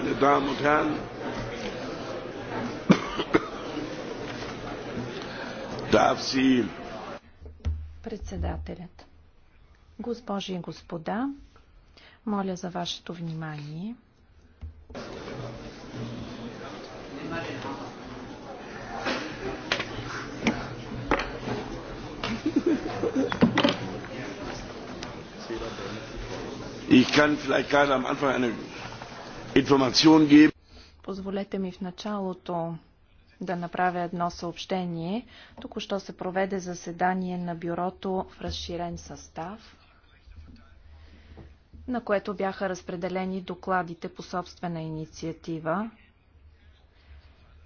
meine Damen und Herren! Darf Sie Председателят. Госпожи и господа, моля за вашето внимание. Ich kann vielleicht gerade am Anfang eine Позволете ми в началото да направя едно съобщение. Току-що се проведе заседание на бюрото в разширен състав, на което бяха разпределени докладите по собствена инициатива.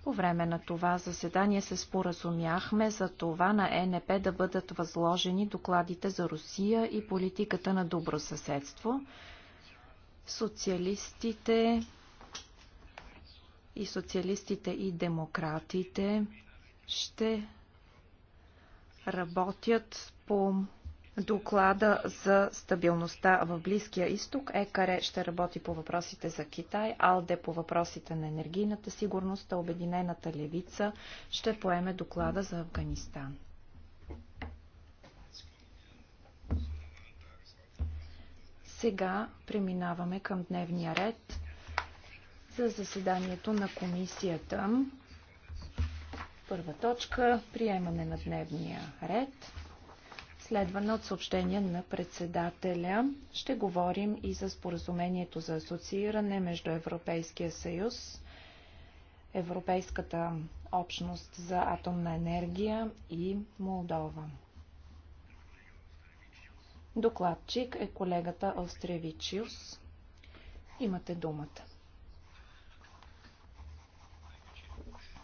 По време на това заседание се споразумяхме за това на ЕНП да бъдат възложени докладите за Русия и политиката на добросъседство. съседство социалистите и социалистите и демократите ще работят по доклада за стабилността в Близкия изток. ЕКАРЕ ще работи по въпросите за Китай, АЛДЕ по въпросите на енергийната сигурност, а Обединената левица ще поеме доклада за Афганистан. Сега преминаваме към дневния ред за заседанието на комисията. Първа точка – приемане на дневния ред. Следвана от съобщение на председателя ще говорим и за споразумението за асоцииране между Европейския съюз, Европейската общност за атомна енергия и Молдова. Докладчик е колегата Остревичиус. Имате думата.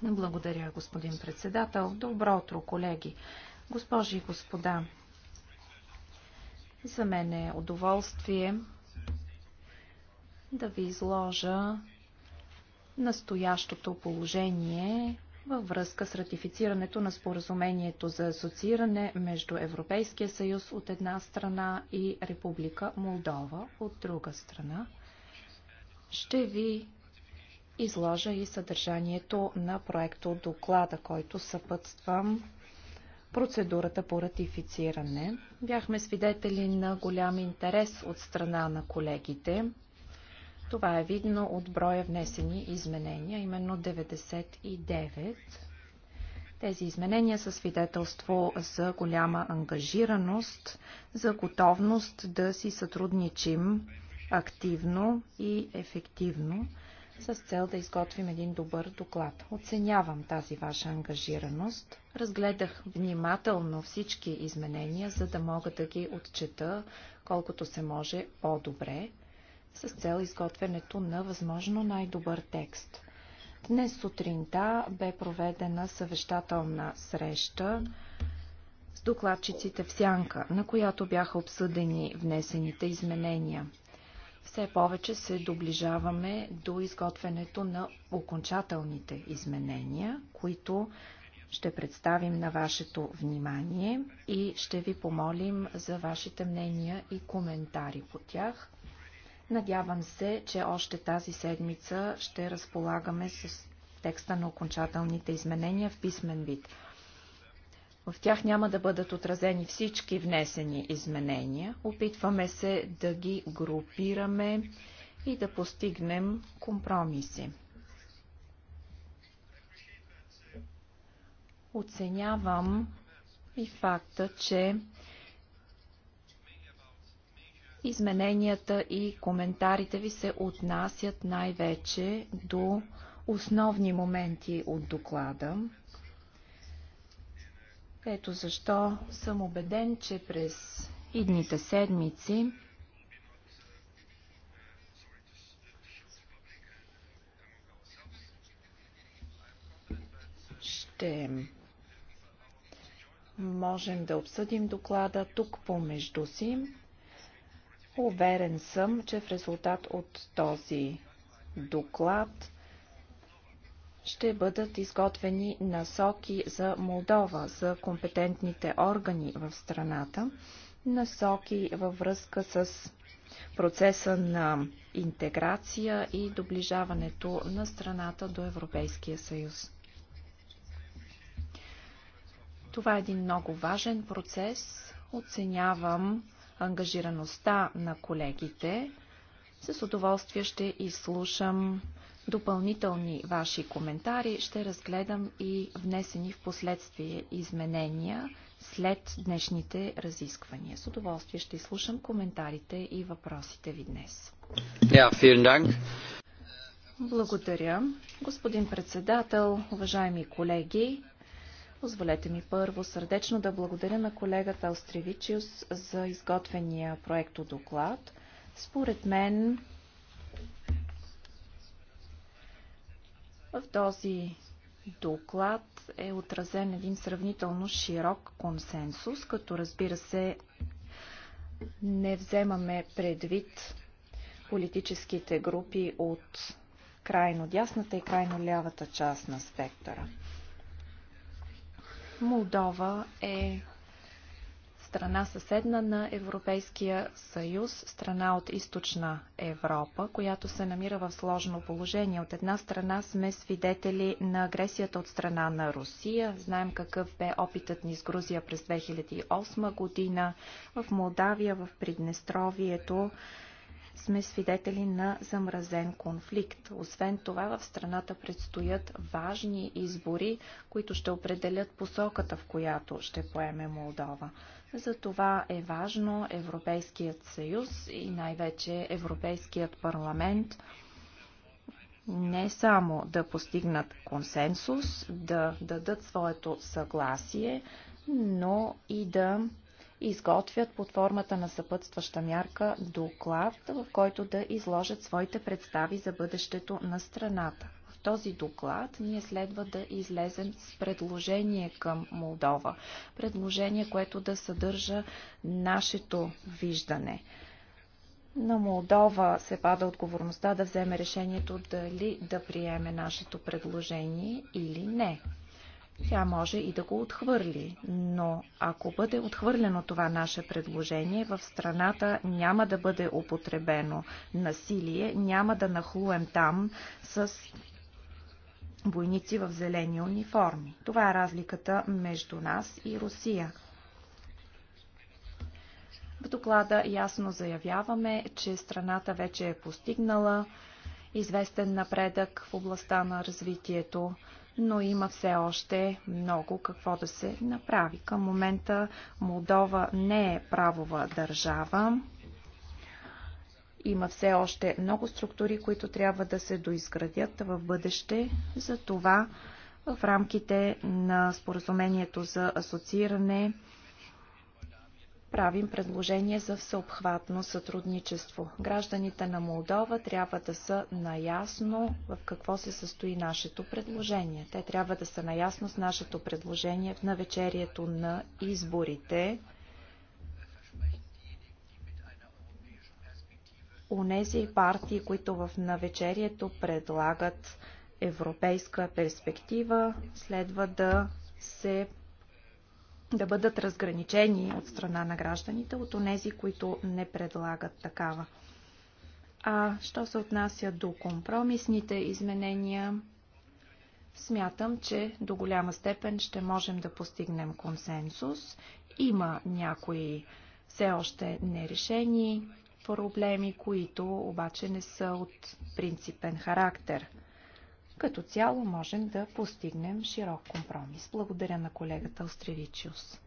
Благодаря, господин председател. Добро утро, колеги. Госпожи и господа, за мен е удоволствие да ви изложа настоящото положение във връзка с ратифицирането на споразумението за асоцииране между Европейския съюз от една страна и Република Молдова от друга страна. Ще ви изложа и съдържанието на проекто доклада, който съпътствам процедурата по ратифициране. Бяхме свидетели на голям интерес от страна на колегите. Това е видно от броя внесени изменения, именно 99. Тези изменения са свидетелство за голяма ангажираност, за готовност да си сътрудничим активно и ефективно с цел да изготвим един добър доклад. Оценявам тази ваша ангажираност. Разгледах внимателно всички изменения, за да мога да ги отчета колкото се може по-добре с цел изготвянето на възможно най-добър текст. Днес сутринта бе проведена съвещателна среща с докладчиците в Сянка, на която бяха обсъдени внесените изменения. Все повече се доближаваме до изготвянето на окончателните изменения, които ще представим на вашето внимание и ще ви помолим за вашите мнения и коментари по тях. Надявам се, че още тази седмица ще разполагаме с текста на окончателните изменения в писмен вид. В тях няма да бъдат отразени всички внесени изменения. Опитваме се да ги групираме и да постигнем компромиси. Оценявам и факта, че Измененията и коментарите ви се отнасят най-вече до основни моменти от доклада. Ето защо съм убеден, че през идните седмици ще можем да обсъдим доклада тук помежду си. Уверен съм, че в резултат от този доклад ще бъдат изготвени насоки за Молдова, за компетентните органи в страната, насоки във връзка с процеса на интеграция и доближаването на страната до Европейския съюз. Това е един много важен процес. Оценявам ангажираността на колегите. С удоволствие ще изслушам допълнителни ваши коментари. Ще разгледам и внесени в последствие изменения след днешните разисквания. С удоволствие ще изслушам коментарите и въпросите ви днес. Yeah, Благодаря. Господин председател, уважаеми колеги, Позволете ми първо сърдечно да благодаря на колегата Остревичиус за изготвения проекто доклад. Според мен в този доклад е отразен един сравнително широк консенсус, като разбира се не вземаме предвид политическите групи от крайно дясната и крайно лявата част на спектъра. Молдова е страна съседна на Европейския съюз, страна от източна Европа, която се намира в сложно положение. От една страна сме свидетели на агресията от страна на Русия. Знаем какъв бе опитът ни с Грузия през 2008 година. В Молдавия, в Приднестровието сме свидетели на замразен конфликт. Освен това, в страната предстоят важни избори, които ще определят посоката, в която ще поеме Молдова. За това е важно Европейският съюз и най-вече Европейският парламент не само да постигнат консенсус, да дадат своето съгласие, но и да изготвят под формата на съпътстваща мярка доклад, в който да изложат своите представи за бъдещето на страната. В този доклад ние следва да излезем с предложение към Молдова. Предложение, което да съдържа нашето виждане. На Молдова се пада отговорността да вземе решението дали да приеме нашето предложение или не тя може и да го отхвърли. Но ако бъде отхвърлено това наше предложение, в страната няма да бъде употребено насилие, няма да нахлуем там с войници в зелени униформи. Това е разликата между нас и Русия. В доклада ясно заявяваме, че страната вече е постигнала известен напредък в областта на развитието но има все още много какво да се направи. Към момента Молдова не е правова държава. Има все още много структури, които трябва да се доизградят в бъдеще. За това в рамките на споразумението за асоцииране правим предложение за всеобхватно сътрудничество. Гражданите на Молдова трябва да са наясно в какво се състои нашето предложение. Те трябва да са наясно с нашето предложение в навечерието на изборите. Унези партии, които в навечерието предлагат европейска перспектива, следва да се да бъдат разграничени от страна на гражданите от онези, които не предлагат такава. А що се отнася до компромисните изменения, смятам, че до голяма степен ще можем да постигнем консенсус. Има някои все още нерешени проблеми, които обаче не са от принципен характер – като цяло можем да постигнем широк компромис. Благодаря на колегата Остревичиус.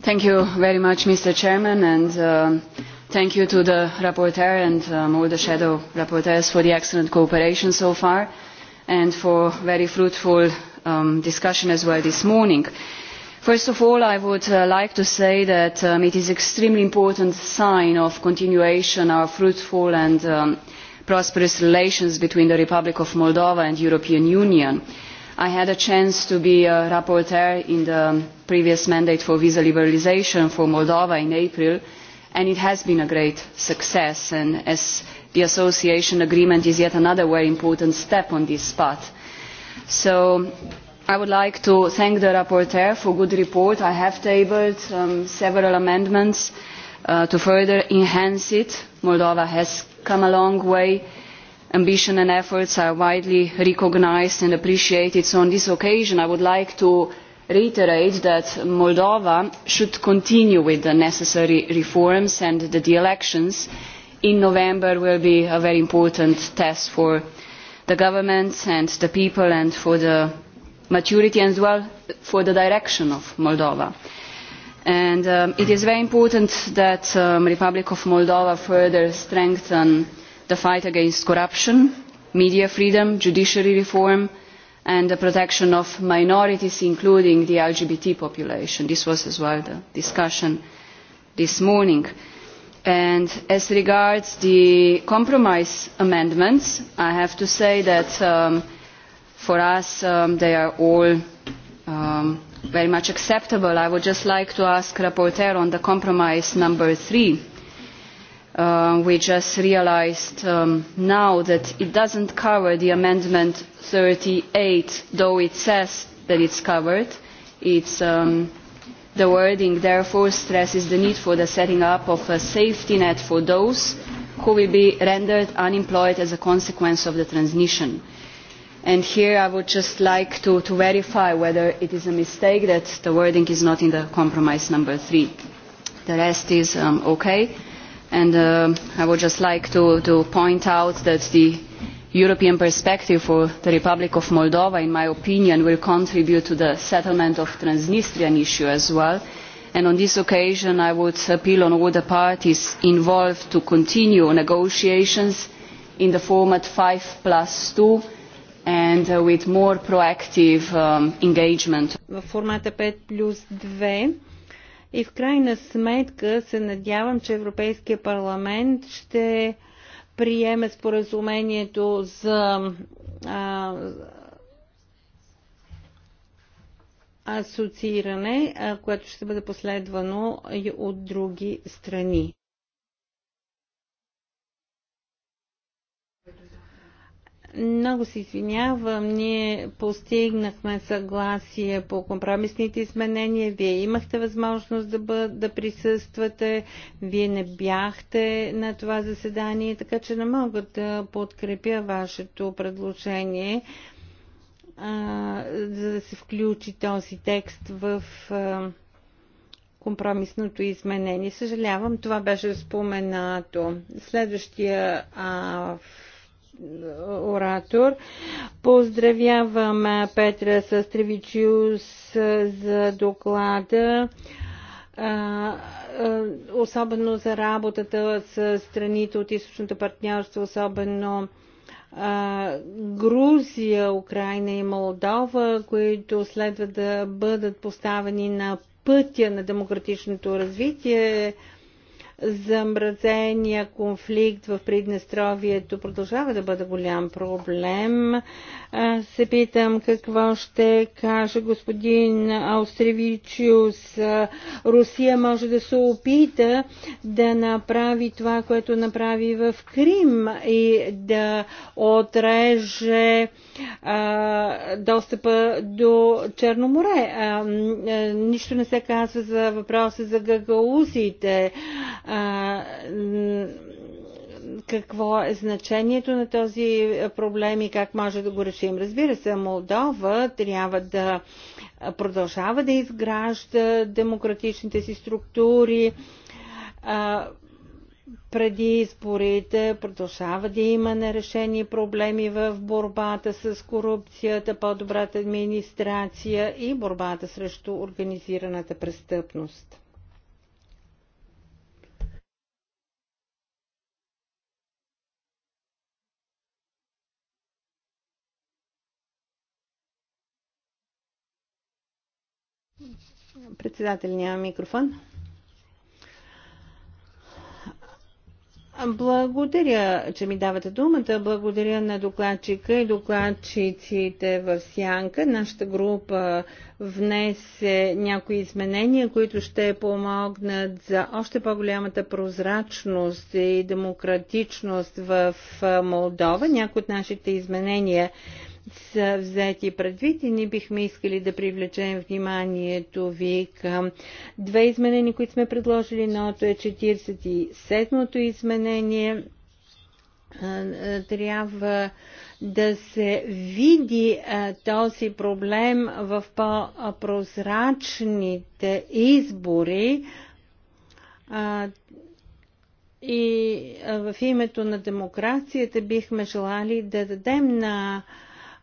Thank you very much, Mr. Chairman, and uh, thank you to the rapporteur and um, all the shadow rapporteurs for the excellent cooperation so far and for very fruitful um, discussion as well this morning first of all i would uh, like to say that um, it is extremely important sign of continuation our fruitful and um, prosperous relations between the Republic of Moldova and the European Union. I had a chance to be a rapporteur in the previous mandate for visa liberalisation for Moldova in April, and it has been a great success. And as the association agreement is yet another very important step on this path. So I would like to thank the rapporteur for a good report. I have tabled several amendments to further enhance it. Moldova has come a long way. ambition and efforts are widely recognised and appreciated so on this occasion i would like to reiterate that moldova should continue with the necessary reforms and that the elections in november will be a very important test for the government and the people and for the maturity and well for the direction of moldova and it is very important that the republic of moldova further strengthen the fight against corruption media freedom judiciary reform and the protection of minorities including the lgbt population. this was as well the discussion this morning. And as regards the compromise amendments i have to say that for us they are all very much acceptable. I would just like to ask Rapporteur on the compromise number three. Uh, we just realized um, now that it doesn't cover the amendment 38, though it says that it's covered. It's um, the wording therefore stresses the need for the setting up of a safety net for those who will be rendered unemployed as a consequence of the transmission. Uh, and here i would just like to verify whether it is a mistake that the wording is not in the compromise number three. the rest is okay and i would just like to point out that the european perspective for the republic of moldova in my opinion will contribute to the settlement of the transnistrian issue as well and on this occasion i would appeal to all the parties involved to continue negotiations in the format five plus two and uh, with more proactive um, engagement. В формата 5 плюс 2 и в крайна сметка се надявам, че Европейския парламент ще приеме споразумението за асоцииране, което ще бъде последвано и от други страни. Много се извинявам, ние постигнахме съгласие по компромисните изменения. Вие имахте възможност да, бъд, да присъствате, вие не бяхте на това заседание, така че не мога да подкрепя вашето предложение, а, за да се включи този текст в. А, компромисното изменение. Съжалявам, това беше споменато. Следващия а, оратор. Поздравявам Петра Стревичиус за доклада особено за работата с страните от източното партньорство, особено Грузия, Украина и Молдова, които следва да бъдат поставени на пътя на демократичното развитие замразения конфликт в Приднестровието продължава да бъде голям проблем. Се питам какво ще каже господин Аустревичиус. Русия може да се опита да направи това, което направи в Крим и да отреже достъпа до Черноморе. море. нищо не се казва за въпроса за гагаузите какво е значението на този проблем и как може да го решим. Разбира се, Молдова трябва да продължава да изгражда демократичните си структури. Преди изборите продължава да има нерешени проблеми в борбата с корупцията, по-добрата администрация и борбата срещу организираната престъпност. Председател няма микрофон. Благодаря, че ми давате думата. Благодаря на докладчика и докладчиците в Сянка. Нашата група внесе някои изменения, които ще помогнат за още по-голямата прозрачност и демократичност в Молдова. Някои от нашите изменения са взети предвид и ние бихме искали да привлечем вниманието ви към две изменения, които сме предложили. ното е 47-то изменение. Трябва да се види този проблем в по-прозрачните избори и в името на демокрацията бихме желали да дадем на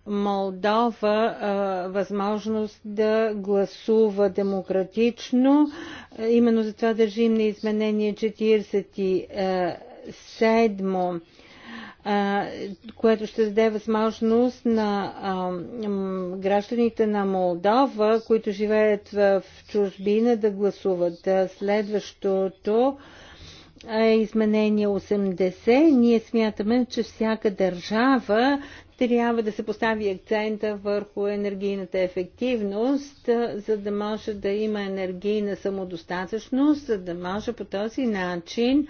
Молдова а, възможност да гласува демократично. Именно затова държим на изменение 47 което ще даде възможност на гражданите на Молдова, които живеят в чужбина, да гласуват. Следващото изменение 80, ние смятаме, че всяка държава трябва да се постави акцента върху енергийната ефективност, за да може да има енергийна самодостатъчност, за да може по този начин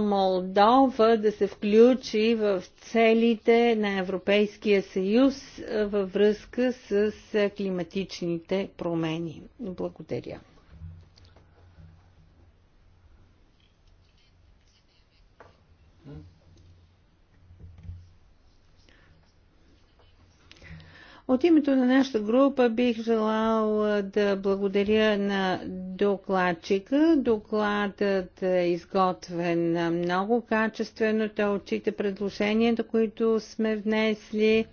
Молдова да се включи в целите на Европейския съюз във връзка с климатичните промени. Благодаря. От името на нашата група бих желал да благодаря на докладчика. Докладът е изготвен много качествено. Той отчита предложенията, които сме внесли.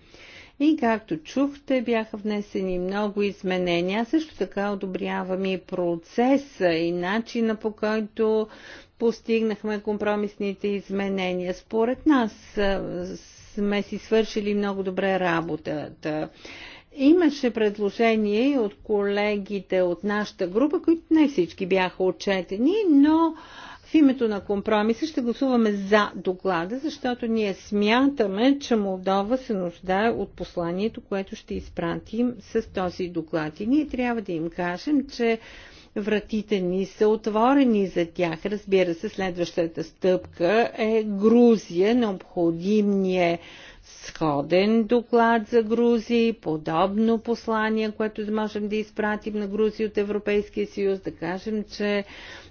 И както чухте, бяха внесени много изменения. също така одобрявам и процеса и начина по който постигнахме компромисните изменения. Според нас сме си свършили много добре работата. Имаше предложение от колегите от нашата група, които не всички бяха отчетени, но в името на компромиса ще гласуваме за доклада, защото ние смятаме, че Молдова се нуждае от посланието, което ще изпратим с този доклад. И ние трябва да им кажем, че вратите ни са отворени за тях. Разбира се, следващата стъпка е Грузия. Необходим е сходен доклад за Грузия, подобно послание, което можем да изпратим на Грузия от Европейския съюз, да кажем, че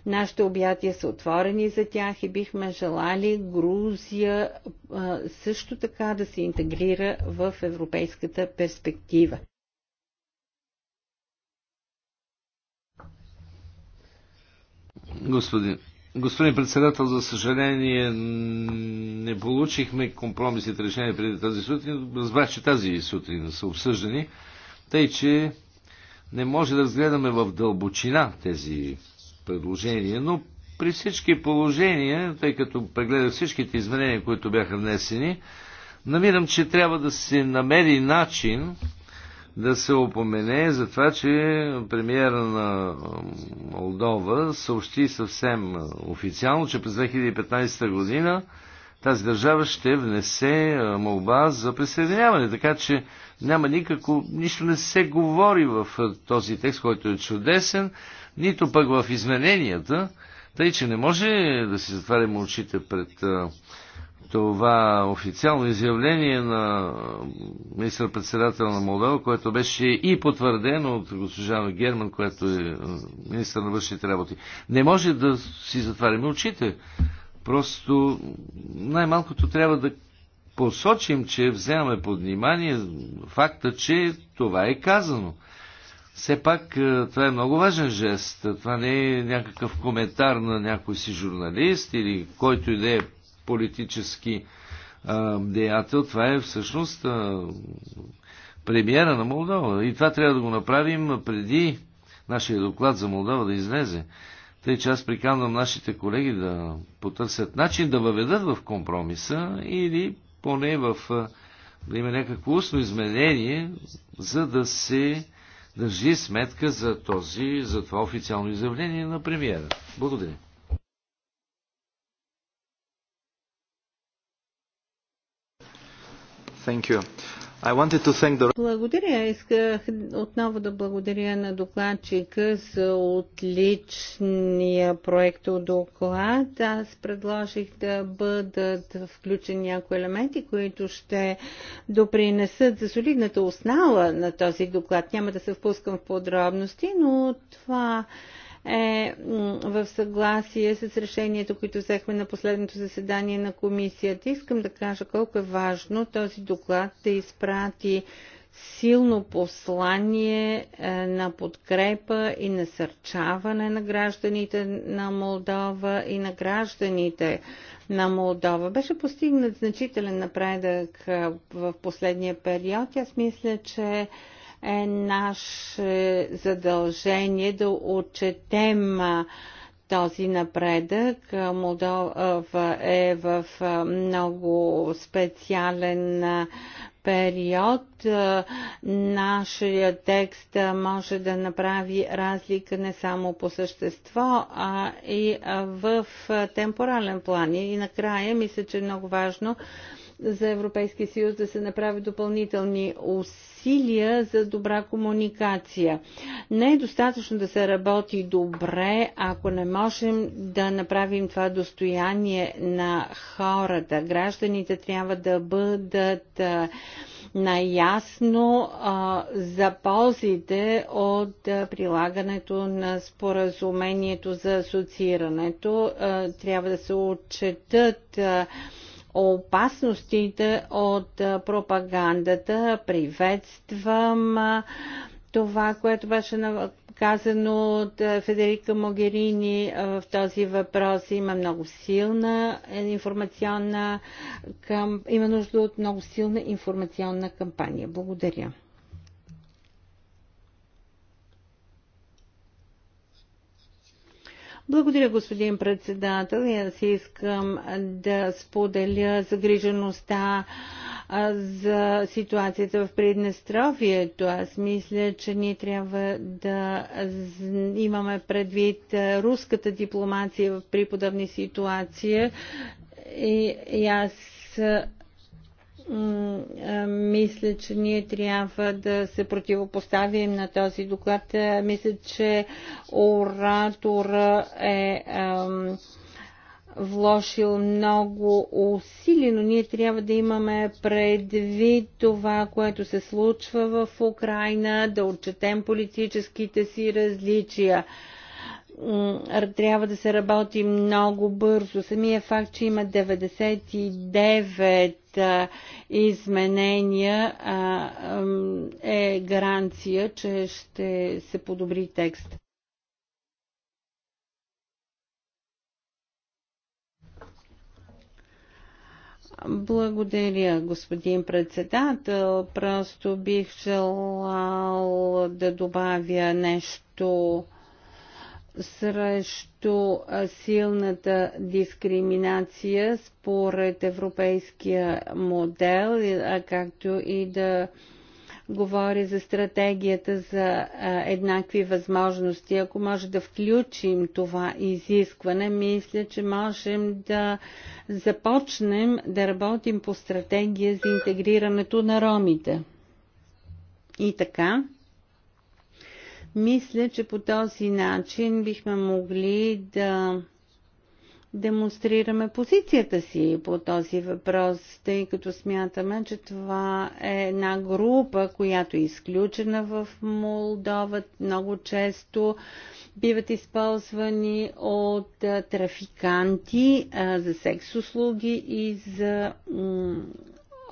нашите обятия са отворени за тях и бихме желали Грузия също така да се интегрира в европейската перспектива. Господин, господин председател, за съжаление не получихме компромисите решения преди тази сутрин. Разбрах, че тази сутрин са обсъждани. Тъй, че не може да разгледаме в дълбочина тези предложения, но при всички положения, тъй като прегледах всичките изменения, които бяха внесени, намирам, че трябва да се намери начин да се опомене за това, че премиера на Молдова съобщи съвсем официално, че през 2015 година тази държава ще внесе молба за присъединяване. Така че няма никакво, нищо не се говори в този текст, който е чудесен, нито пък в измененията, тъй че не може да си затваряме очите пред това официално изявление на министър-председател на Молдова, което беше и потвърдено от госпожа Герман, която е, е министър на външните работи. Не може да си затваряме очите. Просто най-малкото трябва да посочим, че вземаме под внимание факта, че това е казано. Все пак е, това е много важен жест. Това не е някакъв коментар на някой си журналист или който и да е политически а, деятел. Това е всъщност а, премиера на Молдова. И това трябва да го направим преди нашия доклад за Молдова да излезе. Тъй, че аз приканвам нашите колеги да потърсят начин да въведат в компромиса или поне в, да има някакво устно изменение, за да се държи сметка за, този, за това официално изявление на премиера. Благодаря. The... Благодаря. Исках отново да благодаря на докладчика за отличния проект от доклад. Аз предложих да бъдат включени някои елементи, които ще допринесат за солидната основа на този доклад. Няма да се впускам в подробности, но това е в съгласие с решението, което взехме на последното заседание на комисията. Искам да кажа колко е важно този доклад да изпрати силно послание е, на подкрепа и насърчаване на гражданите на Молдова и на гражданите на Молдова. Беше постигнат значителен напредък е, в последния период. Аз мисля, че е наше задължение да отчетем този напредък. Молдова е в много специален период. Нашия текст може да направи разлика не само по същество, а и в темпорален план. И накрая мисля, че е много важно за Европейския съюз да се направи допълнителни усилия за добра комуникация. Не е достатъчно да се работи добре, ако не можем да направим това достояние на хората. Гражданите трябва да бъдат наясно а, за ползите от а, прилагането на споразумението за асоциирането. А, трябва да се отчетат а, опасностите от пропагандата. Приветствам това, което беше казано от Федерика Могерини в този въпрос. Има много силна е, информационна, към, има нужда от много силна информационна кампания. Благодаря. Благодаря, господин председател. И аз искам да споделя загрижеността за ситуацията в Приднестровието. Аз мисля, че ние трябва да имаме предвид руската дипломация в преподобни ситуации. И, и аз мисля, че ние трябва да се противопоставим на този доклад. Мисля, че оратора е вложил много усилия, но ние трябва да имаме предвид това, което се случва в Украина, да отчетем политическите си различия трябва да се работи много бързо. Самия факт, че има 99 изменения е гаранция, че ще се подобри текст. Благодаря, господин председател. Просто бих желал да добавя нещо срещу силната дискриминация според европейския модел, както и да говори за стратегията за еднакви възможности. Ако може да включим това изискване, мисля, че можем да започнем да работим по стратегия за интегрирането на ромите. И така, мисля, че по този начин бихме могли да демонстрираме позицията си по този въпрос, тъй като смятаме, че това е една група, която е изключена в Молдова. Много често биват използвани от трафиканти за секс услуги и за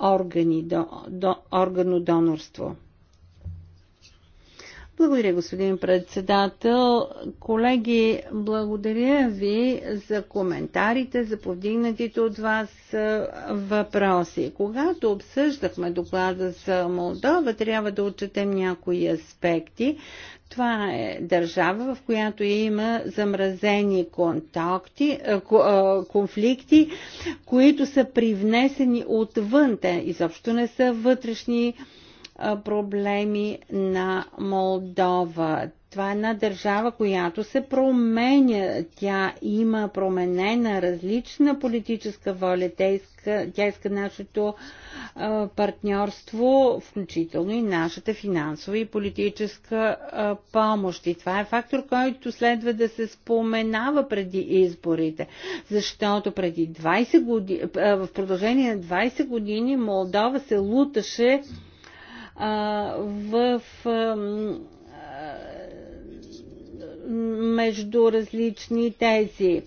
органи, до, до, органодонорство. Благодаря, господин председател. Колеги, благодаря ви за коментарите, за повдигнатите от вас въпроси. Когато обсъждахме доклада за Молдова, трябва да отчетем някои аспекти. Това е държава, в която има замразени контакти, конфликти, които са привнесени отвън. Те изобщо не са вътрешни проблеми на Молдова. Това е една държава, която се променя. Тя има променена различна политическа воля. Тя иска, тя иска нашето партньорство, включително и нашата финансова и политическа помощ. И това е фактор, който следва да се споменава преди изборите. Защото преди 20 години, в продължение на 20 години Молдова се луташе а в между различни тези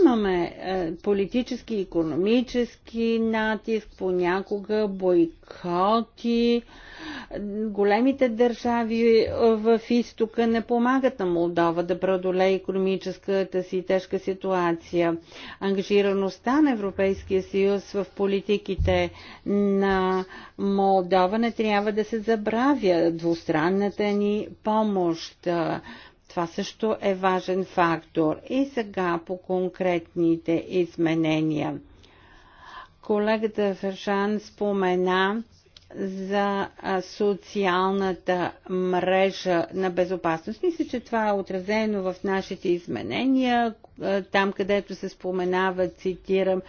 Имаме е, политически, економически натиск, понякога бойкоти. Големите държави е, в изтока не помагат на Молдова да преодолее економическата си тежка ситуация. Ангажираността на Европейския съюз в политиките на Молдова не трябва да се забравя. Двустранната ни помощ е, това също е важен фактор. И сега по конкретните изменения. Колегата Фершан спомена за социалната мрежа на безопасност. Мисля, че това е отразено в нашите изменения там където се споменава, цитирам,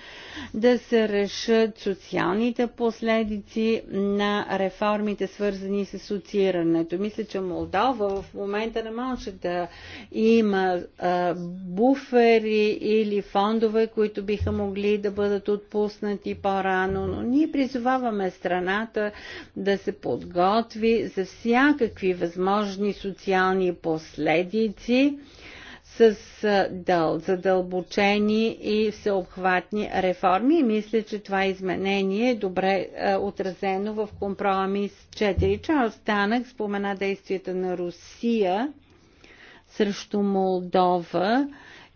да се решат социалните последици на реформите, свързани с асоциирането. Мисля, че Молдова в момента не може да има а, буфери или фондове, които биха могли да бъдат отпуснати по-рано, но ние призоваваме страната да се подготви за всякакви възможни социални последици с дъл, задълбочени и всеобхватни реформи. И мисля, че това изменение е добре е, отразено в компромис 4. Чарлз Танък спомена действията на Русия срещу Молдова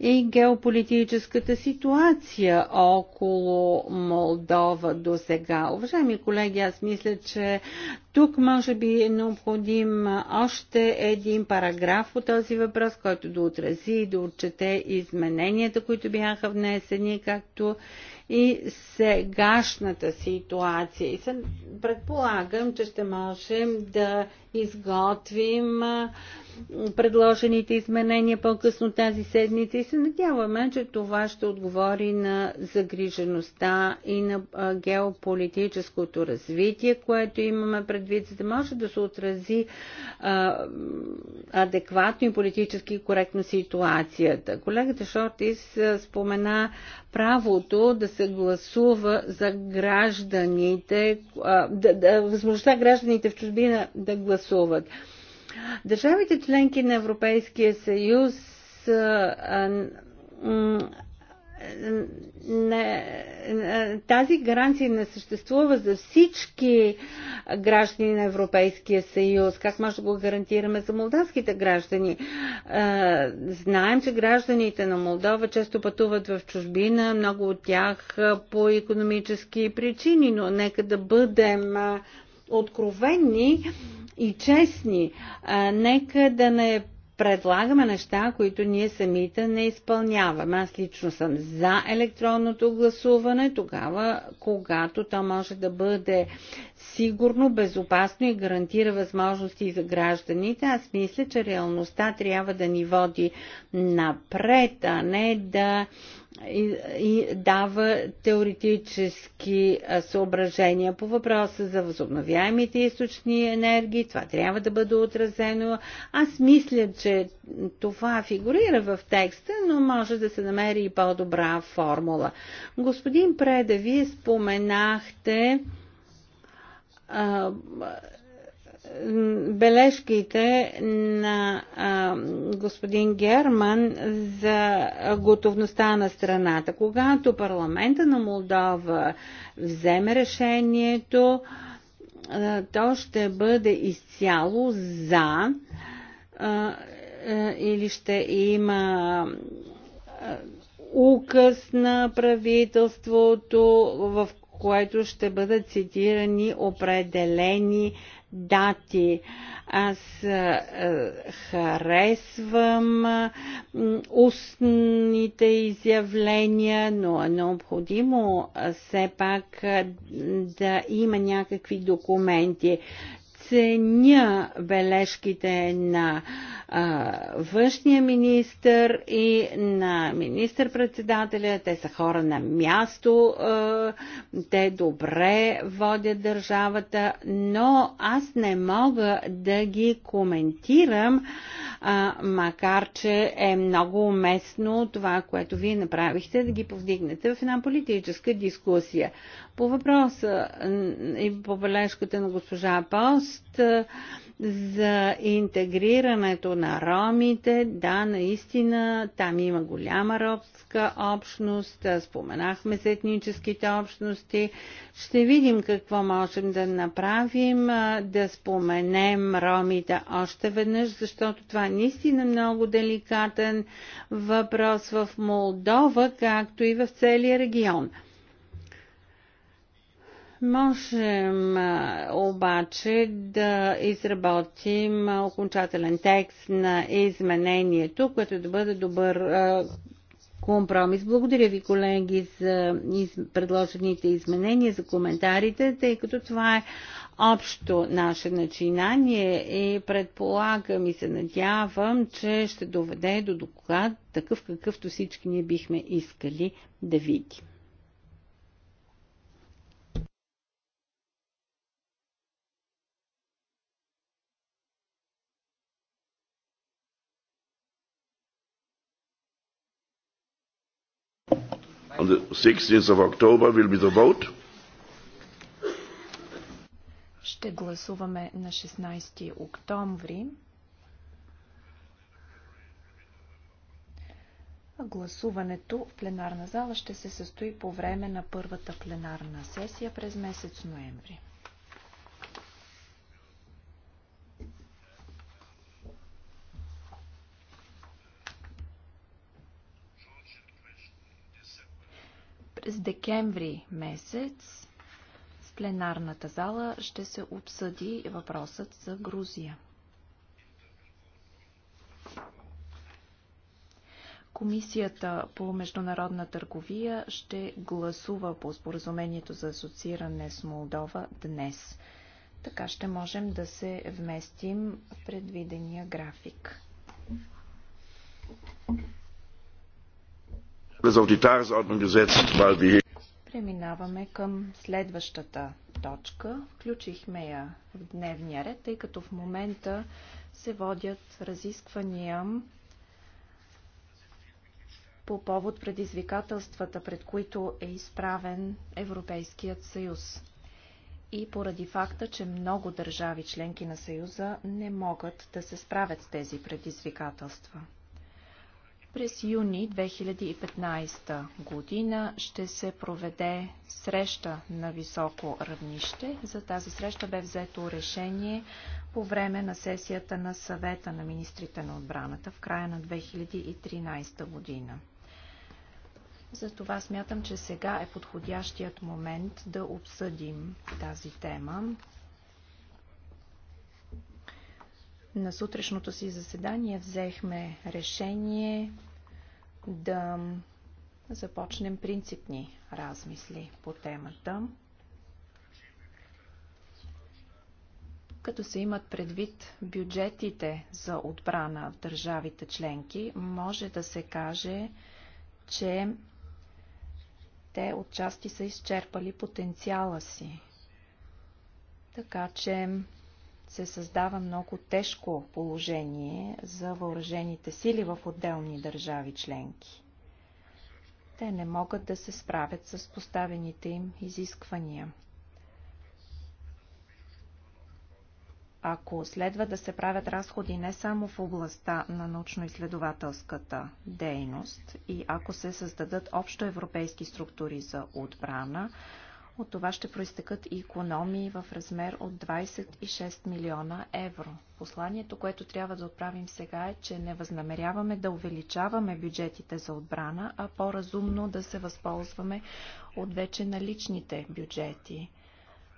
и геополитическата ситуация около Молдова до сега. Уважаеми колеги, аз мисля, че тук може би е необходим още един параграф по този въпрос, който да отрази и да отчете измененията, които бяха внесени, както и сегашната ситуация. И се предполагам, че ще можем да изготвим предложените изменения по-късно тази седмица и се надяваме, че това ще отговори на загрижеността и на геополитическото развитие, което имаме пред предвид, за да може да се отрази а, адекватно и политически коректно ситуацията. Колегата Шортис спомена правото да се гласува за гражданите, а, да, да, възможността гражданите в чужбина да гласуват. Държавите членки на Европейския съюз а, а, е, не, е, тази гаранция не съществува за всички граждани на Европейския съюз. Как може да го гарантираме за молдавските граждани? Е, знаем, че гражданите на Молдова често пътуват в чужбина, много от тях по економически причини, но нека да бъдем откровенни и честни. Нека да не предлагаме неща, които ние самите не изпълняваме. Аз лично съм за електронното гласуване, тогава, когато то може да бъде сигурно, безопасно и гарантира възможности за гражданите. Аз мисля, че реалността трябва да ни води напред, а не да и, и дава теоретически съображения по въпроса за възобновяемите източни енергии. Това трябва да бъде отразено. Аз мисля, че това фигурира в текста, но може да се намери и по-добра формула. Господин Преда, вие споменахте бележките на а, господин Герман за готовността на страната. Когато парламента на Молдова вземе решението, а, то ще бъде изцяло за а, или ще има указ на правителството, в което ще бъдат цитирани определени дати. Аз е, е, харесвам устните изявления, но е необходимо е, все пак да има някакви документи ценя бележките на а, външния министр и на министр-председателя. Те са хора на място, а, те добре водят държавата, но аз не мога да ги коментирам, а, макар че е много уместно това, което вие направихте, да ги повдигнете в една политическа дискусия. По въпроса и по бележката на госпожа Пост е, за интегрирането на ромите, да, наистина там има голяма робска общност, е, споменахме с етническите общности. Ще видим какво можем да направим, е, да споменем ромите още веднъж, защото това е наистина много деликатен въпрос в Молдова, както и в целия регион. Можем обаче да изработим окончателен текст на изменението, което да бъде добър компромис. Благодаря ви, колеги, за предложените изменения, за коментарите, тъй като това е общо наше начинание и предполагам и се надявам, че ще доведе до доклад такъв, какъвто всички ние бихме искали да видим. On the 16th of October will be the vote. Ще гласуваме на 16 октомври. Гласуването в пленарна зала ще се състои по време на първата пленарна сесия през месец ноември. През декември месец в пленарната зала ще се обсъди въпросът за Грузия. Комисията по международна търговия ще гласува по споразумението за асоцииране с Молдова днес. Така ще можем да се вместим в предвидения график. Преминаваме към следващата точка. Включихме я в дневния ред, тъй като в момента се водят разисквания по повод предизвикателствата, пред които е изправен Европейският съюз и поради факта, че много държави членки на Съюза не могат да се справят с тези предизвикателства. През юни 2015 година ще се проведе среща на високо равнище. За тази среща бе взето решение по време на сесията на съвета на министрите на отбраната в края на 2013 година. Затова смятам, че сега е подходящият момент да обсъдим тази тема. На сутрешното си заседание взехме решение да започнем принципни размисли по темата, като се имат предвид бюджетите за отбрана в държавите членки, може да се каже, че те отчасти са изчерпали потенциала си. Така че се създава много тежко положение за въоръжените сили в отделни държави членки. Те не могат да се справят с поставените им изисквания. Ако следва да се правят разходи не само в областта на научно-изследователската дейност и ако се създадат общо европейски структури за отбрана, от това ще проистекат и економии в размер от 26 милиона евро. Посланието, което трябва да отправим сега е, че не възнамеряваме да увеличаваме бюджетите за отбрана, а по-разумно да се възползваме от вече наличните бюджети.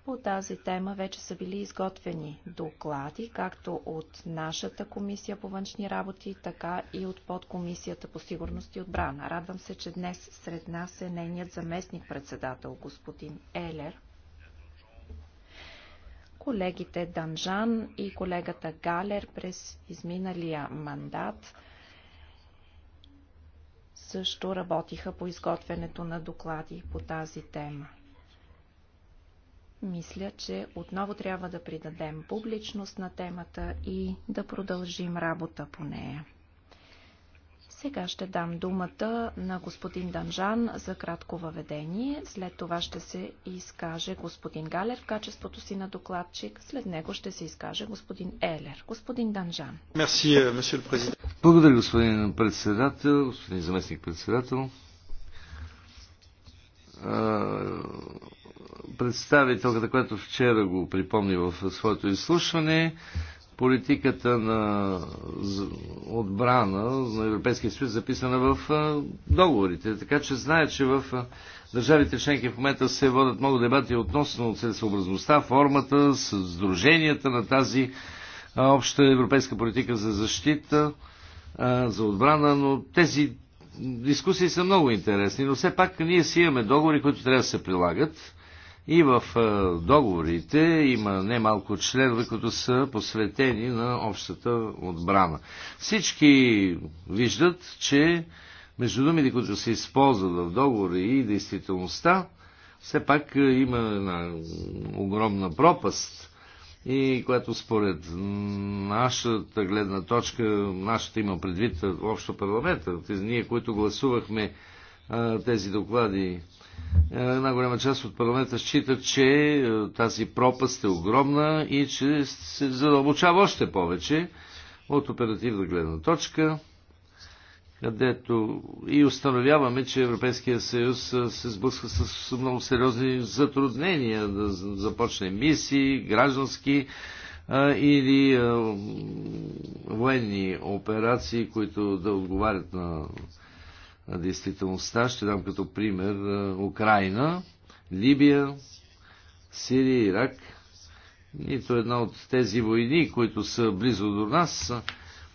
По тази тема вече са били изготвени доклади, както от нашата комисия по външни работи, така и от подкомисията по сигурност и отбрана. Радвам се, че днес сред нас е нейният заместник-председател, господин Елер. Колегите Данжан и колегата Галер през изминалия мандат също работиха по изготвянето на доклади по тази тема. Мисля, че отново трябва да придадем публичност на темата и да продължим работа по нея. Сега ще дам думата на господин Данжан за кратко въведение. След това ще се изкаже господин Галер в качеството си на докладчик. След него ще се изкаже господин Елер. Господин Данжан. Euh, Благодаря, господин председател, господин заместник председател представителката, която вчера го припомни в своето изслушване, политиката на отбрана на Европейския съюз записана в договорите. Така че знае, че в държавите членки в момента се водят много дебати относно целесообразността, формата, сдруженията на тази обща европейска политика за защита, за отбрана, но тези дискусии са много интересни, но все пак ние си имаме договори, които трябва да се прилагат и в е, договорите има немалко членове, които са посветени на общата отбрана. Всички виждат, че между думите, които се използват в договори и действителността, все пак е, има една огромна пропаст и която според нашата гледна точка, нашата има предвид е, общо парламента, ние, които гласувахме тези доклади. Една голяма част от парламента счита, че тази пропаст е огромна и че се задълбочава още повече от оперативна гледна точка, където и установяваме, че Европейския съюз се сблъсква с много сериозни затруднения да започне мисии, граждански или военни операции, които да отговарят на действителността. Ще дам като пример Украина, Либия, Сирия, Ирак. Нито една от тези войни, които са близо до нас,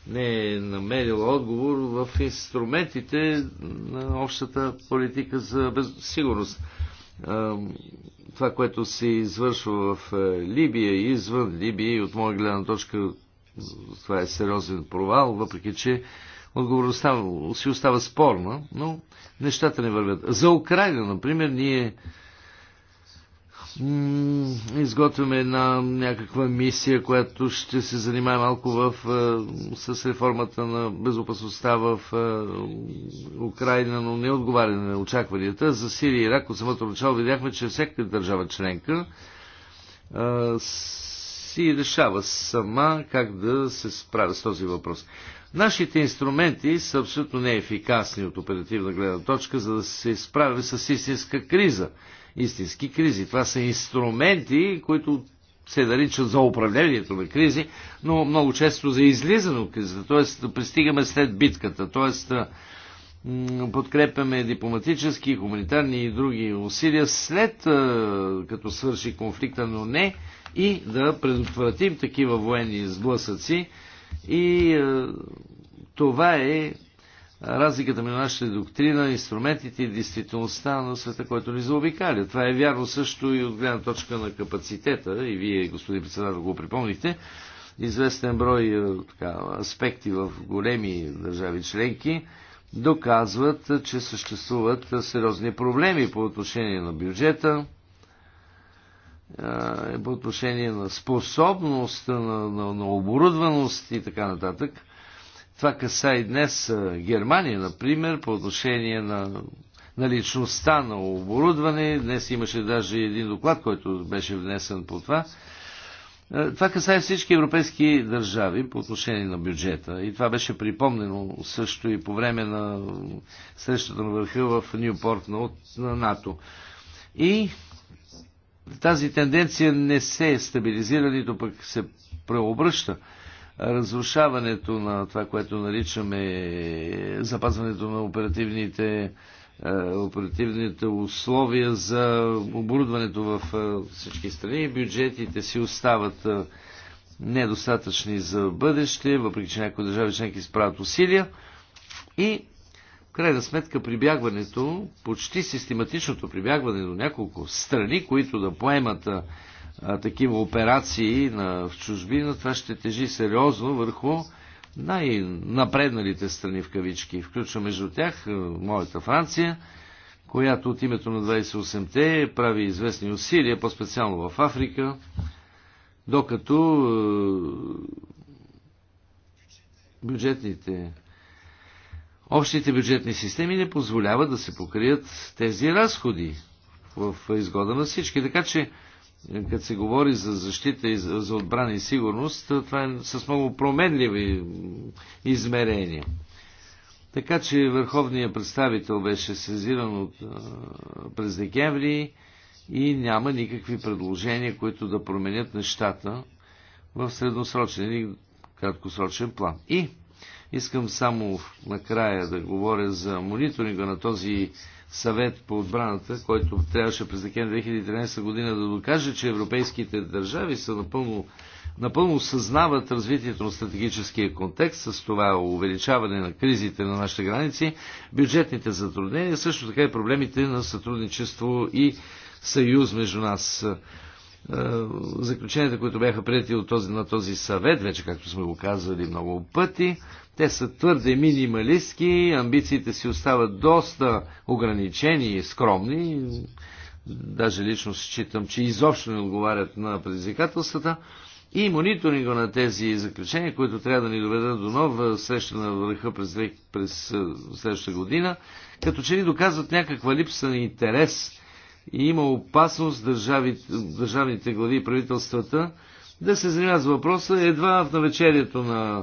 не е намерила отговор в инструментите на общата политика за сигурност. Това, което се извършва в Либия и извън Либия, и от моя гледна точка това е сериозен провал, въпреки че Отговорността си остава спорна, но нещата не вървят. За Украина, например, ние изготвяме една някаква мисия, която ще се занимае малко в, е, с реформата на безопасността в е, Украина, но не отговаря на очакванията. За Сирия и Ирак от самото начало видяхме, че всяка държава членка е, си решава сама как да се справя с този въпрос. Нашите инструменти са абсолютно неефикасни от оперативна гледна точка, за да се справим с истинска криза. Истински кризи. Това са инструменти, които се наричат за управлението на кризи, но много често за излизане от кризата. Тоест, пристигаме след битката. Тоест, подкрепяме дипломатически, хуманитарни и други усилия след като свърши конфликта, но не и да предотвратим такива военни сблъсъци, и е, това е разликата между нашата доктрина, инструментите и действителността на света, който ни заобикаля. Това е вярно също и от гледна точка на капацитета, и вие, господин председател, го припомнихте, известен брой е, така, аспекти в големи държави членки доказват, че съществуват сериозни проблеми по отношение на бюджета, е по отношение на способността, на, на, на оборудваност и така нататък. Това каса и днес Германия, например, по отношение на наличността на оборудване. Днес имаше даже един доклад, който беше внесен по това. Това касае всички европейски държави по отношение на бюджета. И това беше припомнено също и по време на срещата на върха в Ньюпорт на, на НАТО. И тази тенденция не се е стабилизира, нито пък се преобръща. Разрушаването на това, което наричаме запазването на оперативните е, оперативните условия за оборудването в е, всички страни. Бюджетите си остават недостатъчни за бъдеще, въпреки че някои държави членки справят усилия. И крайна сметка прибягването, почти систематичното прибягване до няколко страни, които да поемат а, такива операции на, в чужбина, това ще тежи сериозно върху най-напредналите страни в кавички. Включва между тях моята Франция, която от името на 28-те прави известни усилия, по-специално в Африка, докато бюджетните Общите бюджетни системи не позволяват да се покрият тези разходи в изгода на всички. Така че, като се говори за защита и за отбрана и сигурност, това е с много променливи измерения. Така че върховният представител беше сезиран от, през декември и няма никакви предложения, които да променят нещата в средносрочен и краткосрочен план. И Искам само накрая да говоря за мониторинга на този съвет по отбраната, който трябваше през декември 2013 година да докаже, че европейските държави са напълно напълно съзнават развитието на стратегическия контекст, с това увеличаване на кризите на нашите граници, бюджетните затруднения, също така и проблемите на сътрудничество и съюз между нас. Е, заключенията, които бяха прияти от този, на този съвет, вече както сме го казали много пъти, те са твърде минималистки, амбициите си остават доста ограничени и скромни. Даже лично считам, че изобщо не отговарят на предизвикателствата. И мониторинга на тези заключения, които трябва да ни доведат до нова среща на върха през, през е, следващата година, като че ни доказват някаква липса на интерес и има опасност държавите, държавните глави и правителствата да се занимават с въпроса едва в навечерието на е,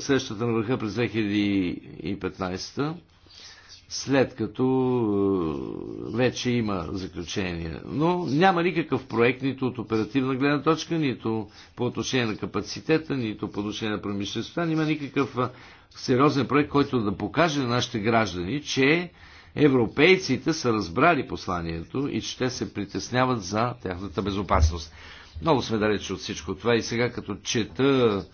срещата на върха през 2015 след като е, вече има заключение. Но няма никакъв проект, нито от оперативна гледна точка, нито по отношение на капацитета, нито по отношение на промишлеността. Няма никакъв е, сериозен проект, който да покаже на нашите граждани, че европейците са разбрали посланието и че те се притесняват за тяхната безопасност. Много сме далече от всичко това и сега като чета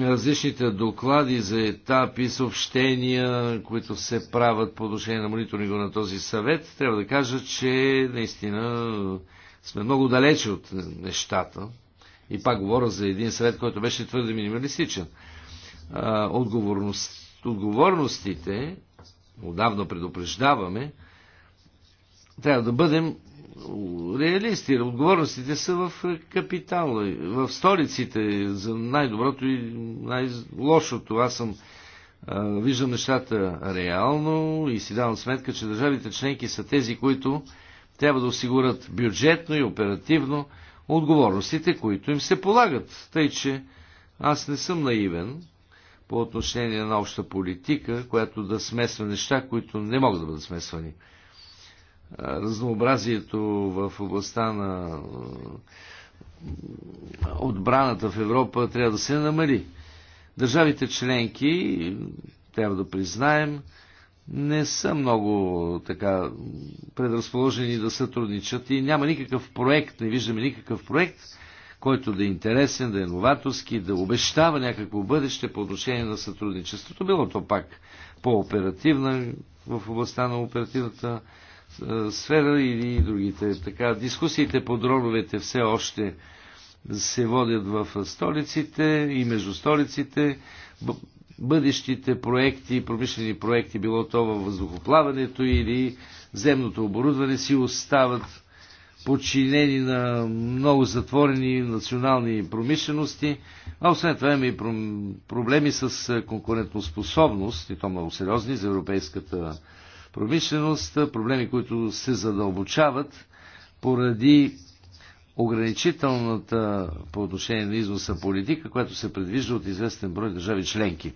различните доклади за етапи, съобщения, които се правят по отношение на мониторинга на този съвет, трябва да кажа, че наистина сме много далече от нещата. И пак говоря за един съвет, който беше твърде минималистичен. Отговорност, отговорностите отдавна предупреждаваме, трябва да бъдем реалисти. Отговорностите са в капитала, в столиците за най-доброто и най-лошото. Аз съм а, виждам нещата реално и си давам сметка, че държавите членки са тези, които трябва да осигурят бюджетно и оперативно отговорностите, които им се полагат. Тъй, че аз не съм наивен по отношение на обща политика, която да смесва неща, които не могат да бъдат смесвани. Разнообразието в областта на отбраната в Европа трябва да се намали. Държавите членки, трябва да признаем, не са много така предразположени да сътрудничат и няма никакъв проект, не виждаме никакъв проект, който да е интересен, да е новаторски, да обещава някакво бъдеще по отношение на сътрудничеството. Било то пак по-оперативна в областта на оперативната сфера или другите. Така, дискусиите по дроновете все още се водят в столиците и между столиците. Бъдещите проекти, промишлени проекти, било то във въздухоплаването или земното оборудване, си остават подчинени на много затворени национални промишлености, а освен това има и проблеми с конкурентоспособност, и то много сериозни за европейската промишленост, проблеми, които се задълбочават поради ограничителната по отношение на износа политика, която се предвижда от известен брой държави членки.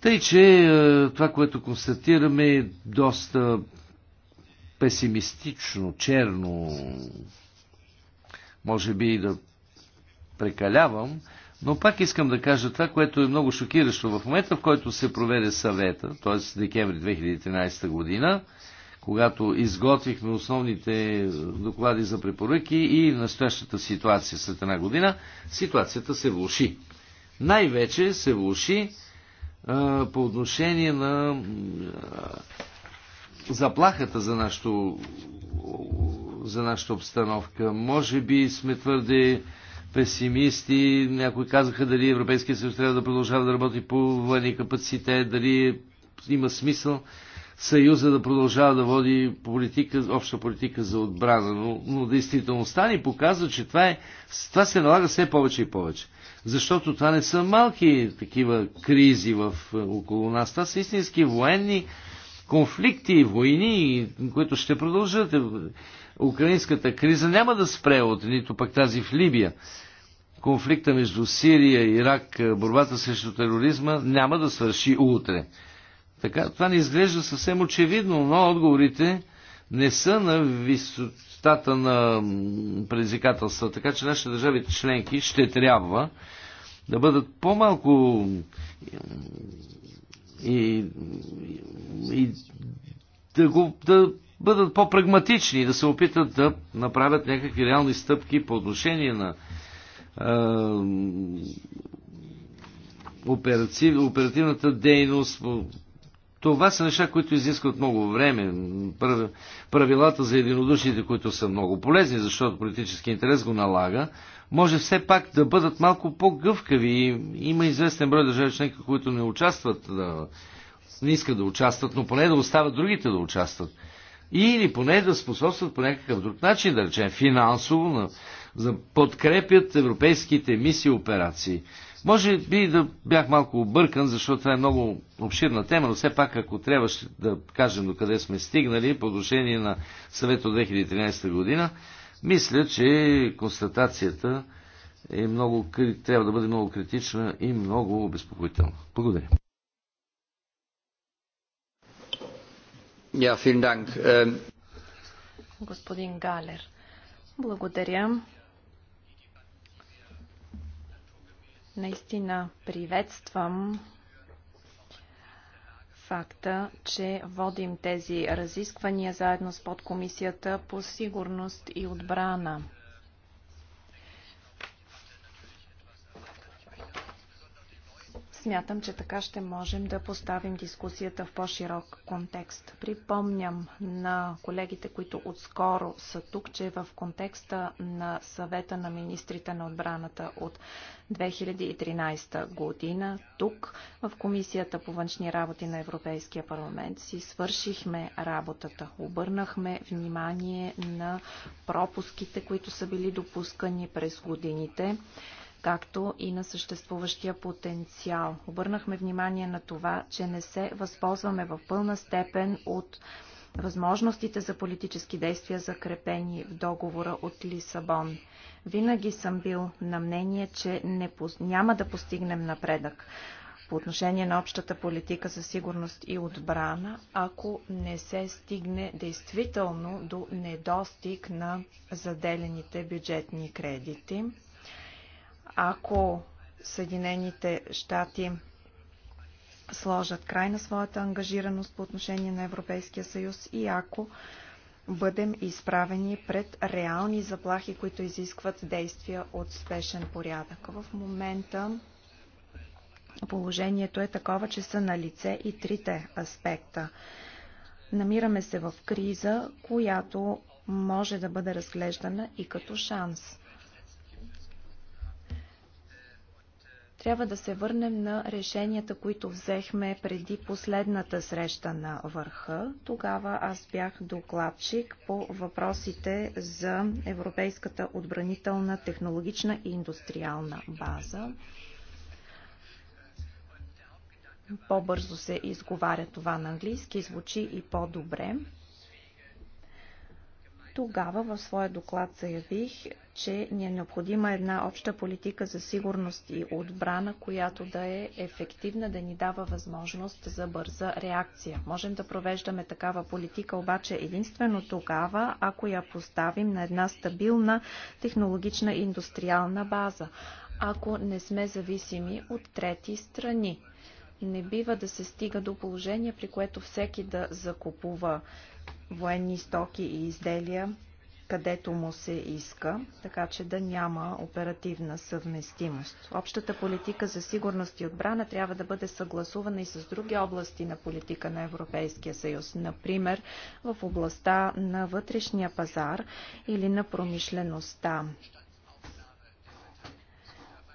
Тъй, че това, което констатираме е доста песимистично, черно, може би и да прекалявам, но пак искам да кажа това, което е много шокиращо. В момента, в който се проведе съвета, т.е. декември 2013 година, когато изготвихме основните доклади за препоръки и настоящата ситуация след една година, ситуацията се влуши. Най-вече се влуши по отношение на заплахата за нашото за нашата обстановка. Може би сме твърде песимисти. Някои казаха дали Европейския съюз трябва да продължава да работи по военни капацитет, дали е, има смисъл Съюза да продължава да води политика, обща политика за отбрана. Но, но действителността ни показва, че това, е, това се налага все повече и повече. Защото това не са малки такива кризи в, е, около нас. Това са истински военни конфликти и войни, които ще продължат. Украинската криза няма да спре от нито пък тази в Либия. Конфликта между Сирия и Ирак, борбата срещу тероризма няма да свърши утре. Така, това не изглежда съвсем очевидно, но отговорите не са на висотата на предизвикателства. Така че нашите държави членки ще трябва да бъдат по-малко и, и да, го, да бъдат по-прагматични и да се опитат да направят някакви реални стъпки по отношение на оператив, оперативната дейност. Това са неща, които изискват много време. Правилата за единодушните, които са много полезни, защото политически интерес го налага, може все пак да бъдат малко по-гъвкави. Има известен брой държави членки, които не участват, да, не искат да участват, но поне да остават другите да участват. Или поне да способстват по някакъв друг начин, да речем финансово, на, да подкрепят европейските мисии и операции. Може би да бях малко объркан, защото това е много обширна тема, но все пак ако трябваше да кажем до къде сме стигнали по отношение на съвет от 2013 година, мисля, че констатацията е много, трябва да бъде много критична и много обезпокоителна. Благодаря. Ja, dank. Dank. Ähm, Господин Галер, благодаря. Наистина приветствам факта, че водим тези разисквания заедно с подкомисията по сигурност и отбрана. Смятам, че така ще можем да поставим дискусията в по-широк контекст. Припомням на колегите, които отскоро са тук, че в контекста на съвета на министрите на отбраната от 2013 година, тук в Комисията по външни работи на Европейския парламент си свършихме работата. Обърнахме внимание на пропуските, които са били допускани през годините както и на съществуващия потенциал. Обърнахме внимание на това, че не се възползваме в пълна степен от възможностите за политически действия, закрепени в договора от Лисабон. Винаги съм бил на мнение, че не, няма да постигнем напредък по отношение на общата политика за сигурност и отбрана, ако не се стигне действително до недостиг на заделените бюджетни кредити. Ако Съединените щати сложат край на своята ангажираност по отношение на Европейския съюз и ако бъдем изправени пред реални заплахи, които изискват действия от спешен порядък. В момента положението е такова, че са на лице и трите аспекта. Намираме се в криза, която може да бъде разглеждана и като шанс. Трябва да се върнем на решенията, които взехме преди последната среща на върха. Тогава аз бях докладчик по въпросите за Европейската отбранителна технологична и индустриална база по-бързо се изговаря това на английски, звучи и по-добре. Тогава в своя доклад заявих, че ни е необходима една обща политика за сигурност и отбрана, която да е ефективна, да ни дава възможност за бърза реакция. Можем да провеждаме такава политика обаче единствено тогава, ако я поставим на една стабилна технологична и индустриална база, ако не сме зависими от трети страни. Не бива да се стига до положение, при което всеки да закупува военни стоки и изделия, където му се иска, така че да няма оперативна съвместимост. Общата политика за сигурност и отбрана трябва да бъде съгласувана и с други области на политика на Европейския съюз, например в областта на вътрешния пазар или на промишлеността.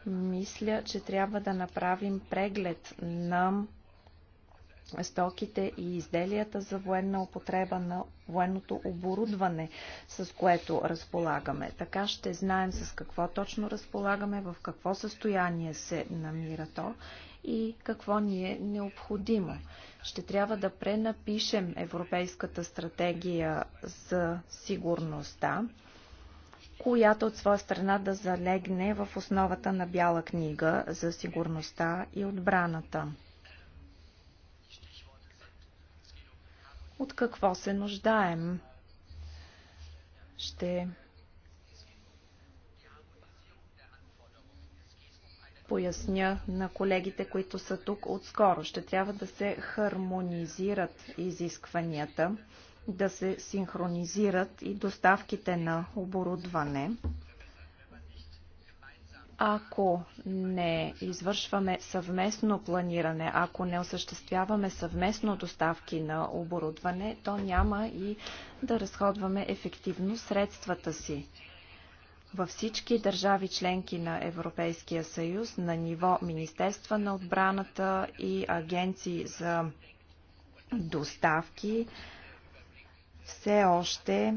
Мисля, че трябва да направим преглед на стоките и изделията за военна употреба на военното оборудване, с което разполагаме. Така ще знаем с какво точно разполагаме, в какво състояние се намира то и какво ни е необходимо. Ще трябва да пренапишем Европейската стратегия за сигурността, която от своя страна да залегне в основата на Бяла книга за сигурността и отбраната. от какво се нуждаем. Ще поясня на колегите, които са тук отскоро. Ще трябва да се хармонизират изискванията, да се синхронизират и доставките на оборудване ако не извършваме съвместно планиране, ако не осъществяваме съвместно доставки на оборудване, то няма и да разходваме ефективно средствата си. Във всички държави членки на Европейския съюз на ниво Министерства на отбраната и агенции за доставки все още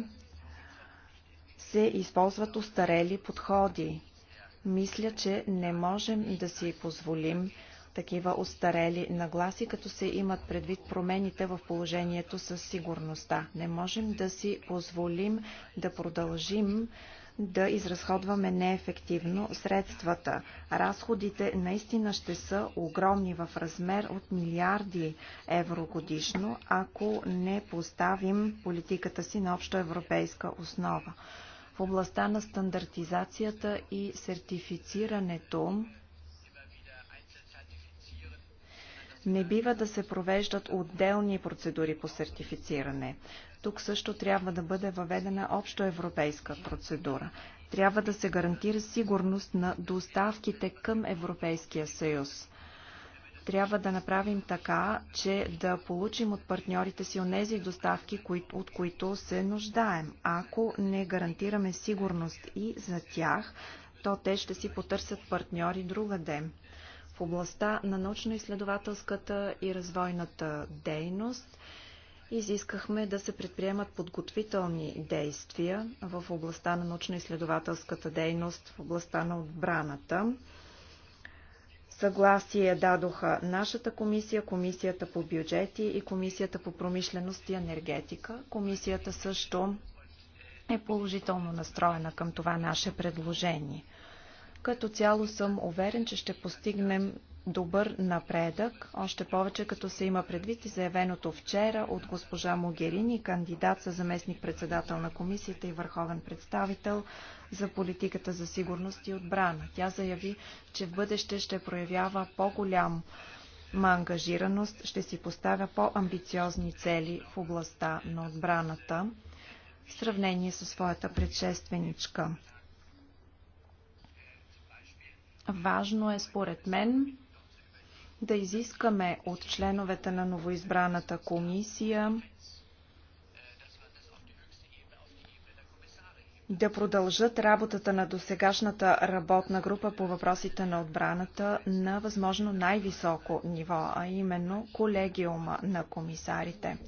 се използват устарели подходи мисля, че не можем да си позволим такива устарели нагласи, като се имат предвид промените в положението със сигурността. Не можем да си позволим да продължим да изразходваме неефективно средствата. Разходите наистина ще са огромни в размер от милиарди евро годишно, ако не поставим политиката си на общоевропейска основа. В областта на стандартизацията и сертифицирането не бива да се провеждат отделни процедури по сертифициране. Тук също трябва да бъде въведена общоевропейска процедура. Трябва да се гарантира сигурност на доставките към Европейския съюз трябва да направим така, че да получим от партньорите си онези доставки, от които се нуждаем. Ако не гарантираме сигурност и за тях, то те ще си потърсят партньори другаде. В областта на научно-изследователската и развойната дейност изискахме да се предприемат подготвителни действия в областта на научно-изследователската дейност, в областта на отбраната съгласие дадоха нашата комисия, комисията по бюджети и комисията по промишленост и енергетика. Комисията също е положително настроена към това наше предложение. Като цяло съм уверен, че ще постигнем добър напредък, още повече като се има предвид и заявеното вчера от госпожа Могерини, кандидат за заместник-председател на комисията и върховен представител за политиката за сигурност и отбрана. Тя заяви, че в бъдеще ще проявява по-голям ангажираност, ще си поставя по-амбициозни цели в областта на отбраната в сравнение със своята предшественичка. Важно е, според мен, да изискаме от членовете на новоизбраната комисия да продължат работата на досегашната работна група по въпросите на отбраната на възможно най-високо ниво, а именно колегиума на комисарите.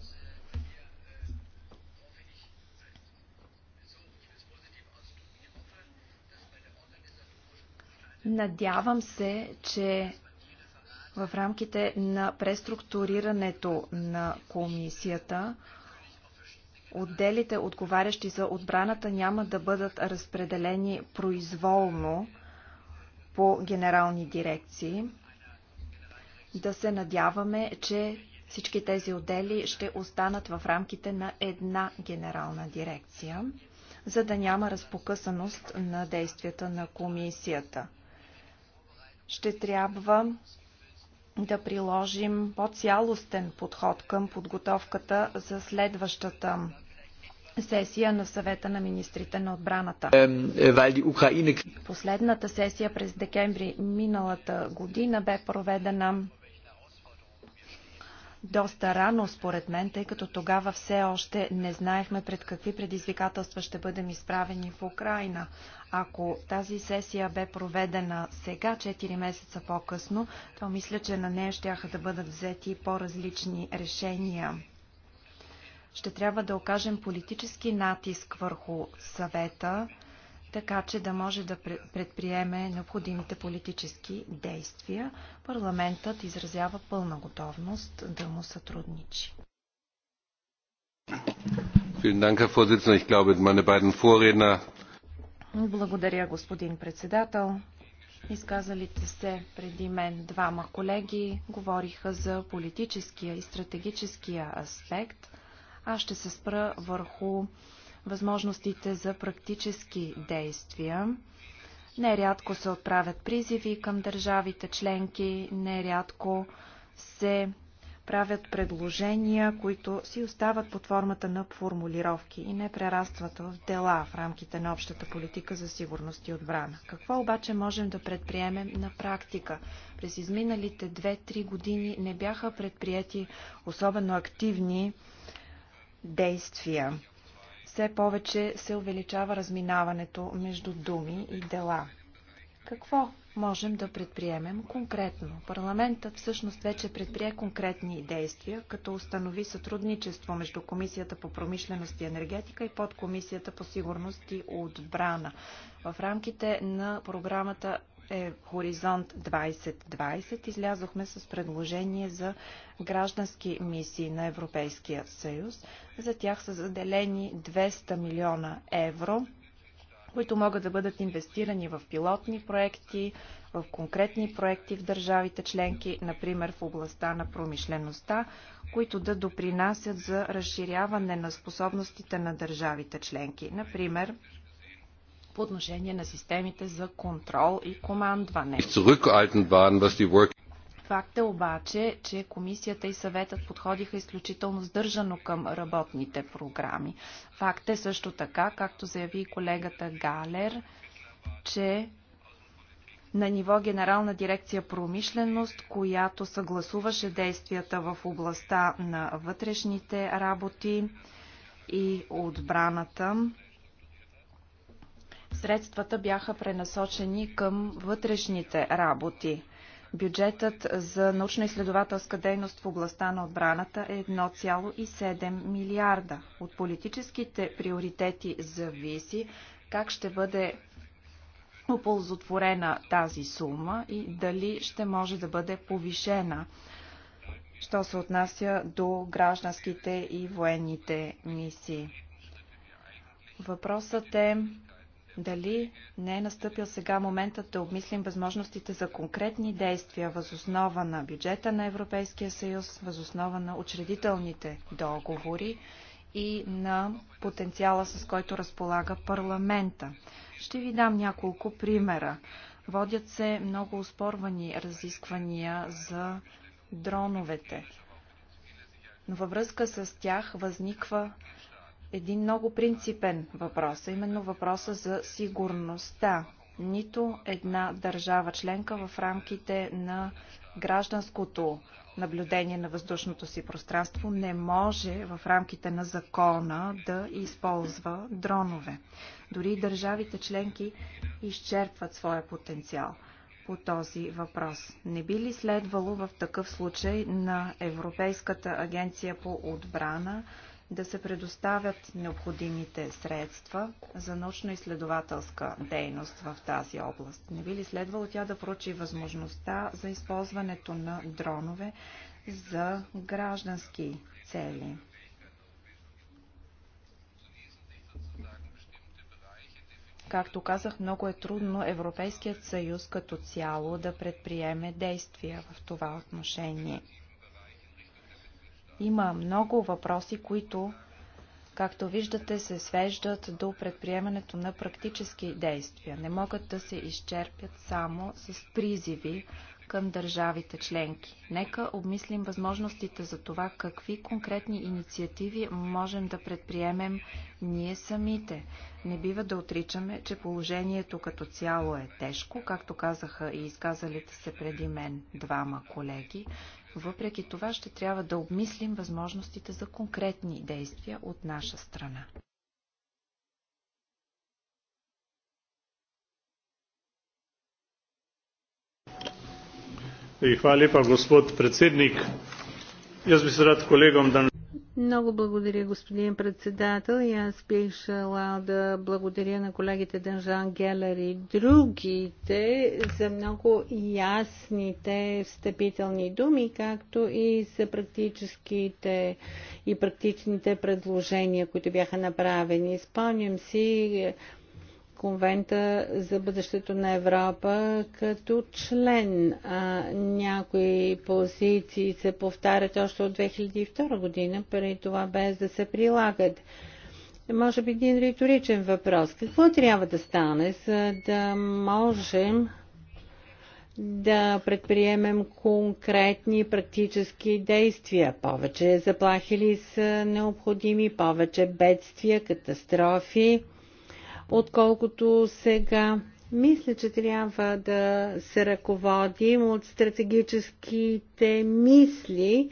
Надявам се, че в рамките на преструктурирането на комисията отделите, отговарящи за отбраната, няма да бъдат разпределени произволно по генерални дирекции. Да се надяваме, че всички тези отдели ще останат в рамките на една генерална дирекция, за да няма разпокъсаност на действията на комисията. Ще трябва да приложим по-цялостен подход към подготовката за следващата сесия на съвета на министрите на отбраната. Е, Последната сесия през декември миналата година бе проведена доста рано, според мен, тъй като тогава все още не знаехме пред какви предизвикателства ще бъдем изправени в Украина. Ако тази сесия бе проведена сега, 4 месеца по-късно, то мисля, че на нея ще да бъдат взети по-различни решения. Ще трябва да окажем политически натиск върху съвета, така че да може да предприеме необходимите политически действия. Парламентът изразява пълна готовност да му сътрудничи. Благодаря, господин председател. Изказалите се преди мен двама колеги говориха за политическия и стратегическия аспект. Аз ще се спра върху възможностите за практически действия. Нерядко се отправят призиви към държавите членки, нерядко се правят предложения, които си остават под формата на формулировки и не прерастват в дела в рамките на общата политика за сигурност и отбрана. Какво обаче можем да предприемем на практика? През изминалите 2-3 години не бяха предприяти особено активни действия все повече се увеличава разминаването между думи и дела. Какво можем да предприемем конкретно? Парламентът всъщност вече предприе конкретни действия, като установи сътрудничество между Комисията по промишленост и енергетика и подкомисията по сигурност и отбрана. В рамките на програмата е Хоризонт 2020, излязохме с предложение за граждански мисии на Европейския съюз. За тях са заделени 200 милиона евро, които могат да бъдат инвестирани в пилотни проекти, в конкретни проекти в държавите членки, например в областта на промишлеността, които да допринасят за разширяване на способностите на държавите членки, например по отношение на системите за контрол и командване. Факт е обаче, че комисията и съветът подходиха изключително сдържано към работните програми. Факт е също така, както заяви колегата Галер, че на ниво Генерална дирекция промишленост, която съгласуваше действията в областта на вътрешните работи и отбраната, Средствата бяха пренасочени към вътрешните работи. Бюджетът за научно-изследователска дейност в областта на отбраната е 1,7 милиарда. От политическите приоритети зависи как ще бъде оползотворена тази сума и дали ще може да бъде повишена, що се отнася до гражданските и военните мисии. Въпросът е дали не е настъпил сега моментът да обмислим възможностите за конкретни действия възоснова на бюджета на Европейския съюз, възоснова на учредителните договори и на потенциала, с който разполага парламента. Ще ви дам няколко примера. Водят се много успорвани разисквания за дроновете. Но във връзка с тях възниква един много принципен въпрос, а именно въпроса за сигурността. Нито една държава членка в рамките на гражданското наблюдение на въздушното си пространство не може в рамките на закона да използва дронове. Дори и държавите членки изчерпват своя потенциал по този въпрос. Не би ли следвало в такъв случай на Европейската агенция по отбрана да се предоставят необходимите средства за научно-изследователска дейност в тази област. Не би ли следвало тя да прочи възможността за използването на дронове за граждански цели? Както казах, много е трудно Европейският съюз като цяло да предприеме действия в това отношение. Има много въпроси, които, както виждате, се свеждат до предприемането на практически действия. Не могат да се изчерпят само с призиви към държавите членки. Нека обмислим възможностите за това какви конкретни инициативи можем да предприемем ние самите. Не бива да отричаме, че положението като цяло е тежко, както казаха и изказалите се преди мен двама колеги. Въпреки това ще трябва да обмислим възможностите за конкретни действия от наша страна. Hvala lepa, господ председник. Jaz би се рад колегам да... Много благодаря, господин председател. И аз бих желал да благодаря на колегите Дънжан Гелер и другите за много ясните встъпителни думи, както и за практическите и практичните предложения, които бяха направени. Спомням си конвента за бъдещето на Европа като член. А, някои позиции се повтарят още от 2002 година, преди това без да се прилагат. Може би един риторичен въпрос. Какво трябва да стане, за да можем да предприемем конкретни практически действия. Повече заплахи ли са необходими, повече бедствия, катастрофи отколкото сега. Мисля, че трябва да се ръководим от стратегическите мисли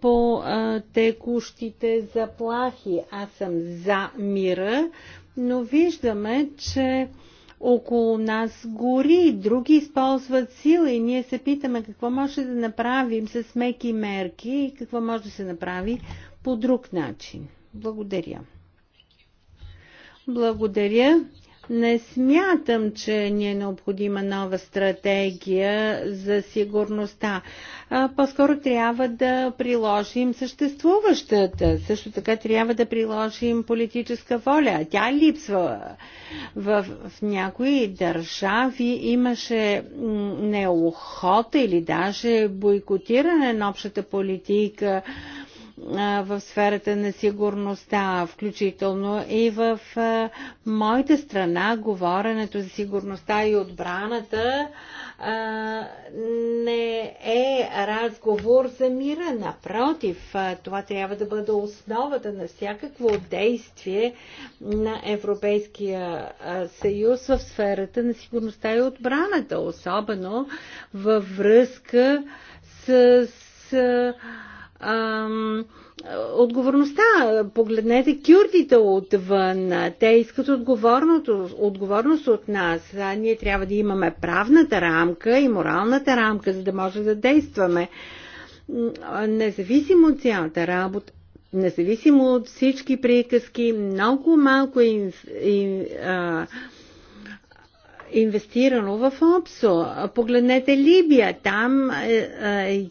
по а, текущите заплахи. Аз съм за мира, но виждаме, че около нас гори, други използват сила и ние се питаме какво може да направим с меки мерки и какво може да се направи по друг начин. Благодаря. Благодаря. Не смятам, че ни е необходима нова стратегия за сигурността. По-скоро трябва да приложим съществуващата. Също така трябва да приложим политическа воля. Тя липсва. В, в някои държави имаше неохота или даже бойкотиране на общата политика в сферата на сигурността, включително и в моята страна говоренето за сигурността и отбраната не е разговор за мира. Напротив, това трябва да бъде основата на всякакво действие на Европейския съюз в сферата на сигурността и отбраната, особено във връзка с, с отговорността. Погледнете кюрдите отвън. Те искат отговорност от нас. А ние трябва да имаме правната рамка и моралната рамка, за да може да действаме. Независимо от цялата работа, независимо от всички приказки, много малко инф, инвестирано в ОПСО. Погледнете Либия. Там е, е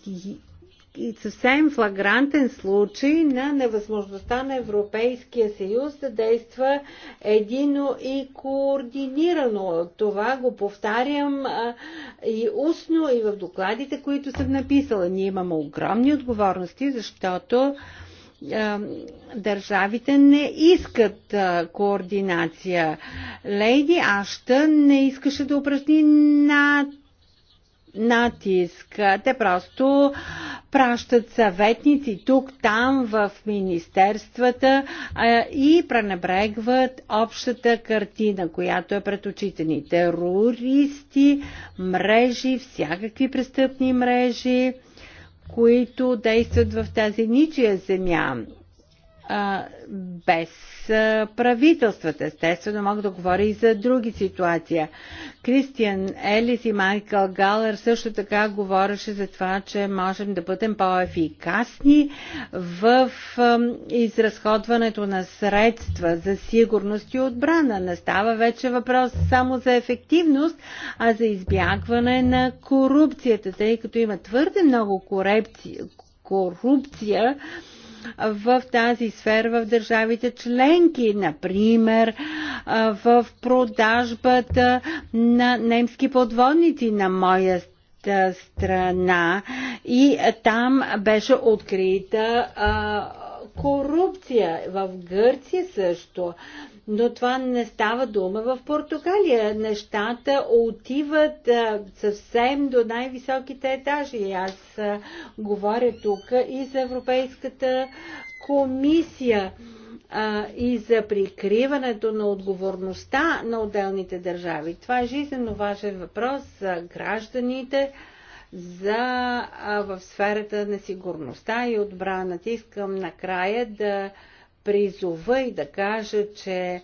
и съвсем флагрантен случай на невъзможността на Европейския съюз да действа едино и координирано. Това го повтарям а, и устно, и в докладите, които съм написала. Ние имаме огромни отговорности, защото държавите не искат а, координация. Лейди Ашта не искаше да упражни над натиск. Те просто пращат съветници тук, там, в министерствата и пренебрегват общата картина, която е пред очите ни. Терористи, мрежи, всякакви престъпни мрежи, които действат в тази ничия земя без правителствата. Естествено, мога да говоря и за други ситуации. Кристиан Елис и Майкъл Галер също така говореше за това, че можем да бъдем по-ефикасни в изразходването на средства за сигурност и отбрана. Не става вече въпрос само за ефективност, а за избягване на корупцията, тъй като има твърде много корупция, корупция в тази сфера в държавите членки, например в продажбата на немски подводници на моя страна и там беше открита а, корупция. В Гърция също но това не става дума в Португалия. Нещата отиват съвсем до най-високите етажи. Аз говоря тук и за Европейската комисия а, и за прикриването на отговорността на отделните държави. Това е жизненно важен въпрос за гражданите за, а, в сферата на сигурността и отбраната. Искам накрая да призова и да кажа, че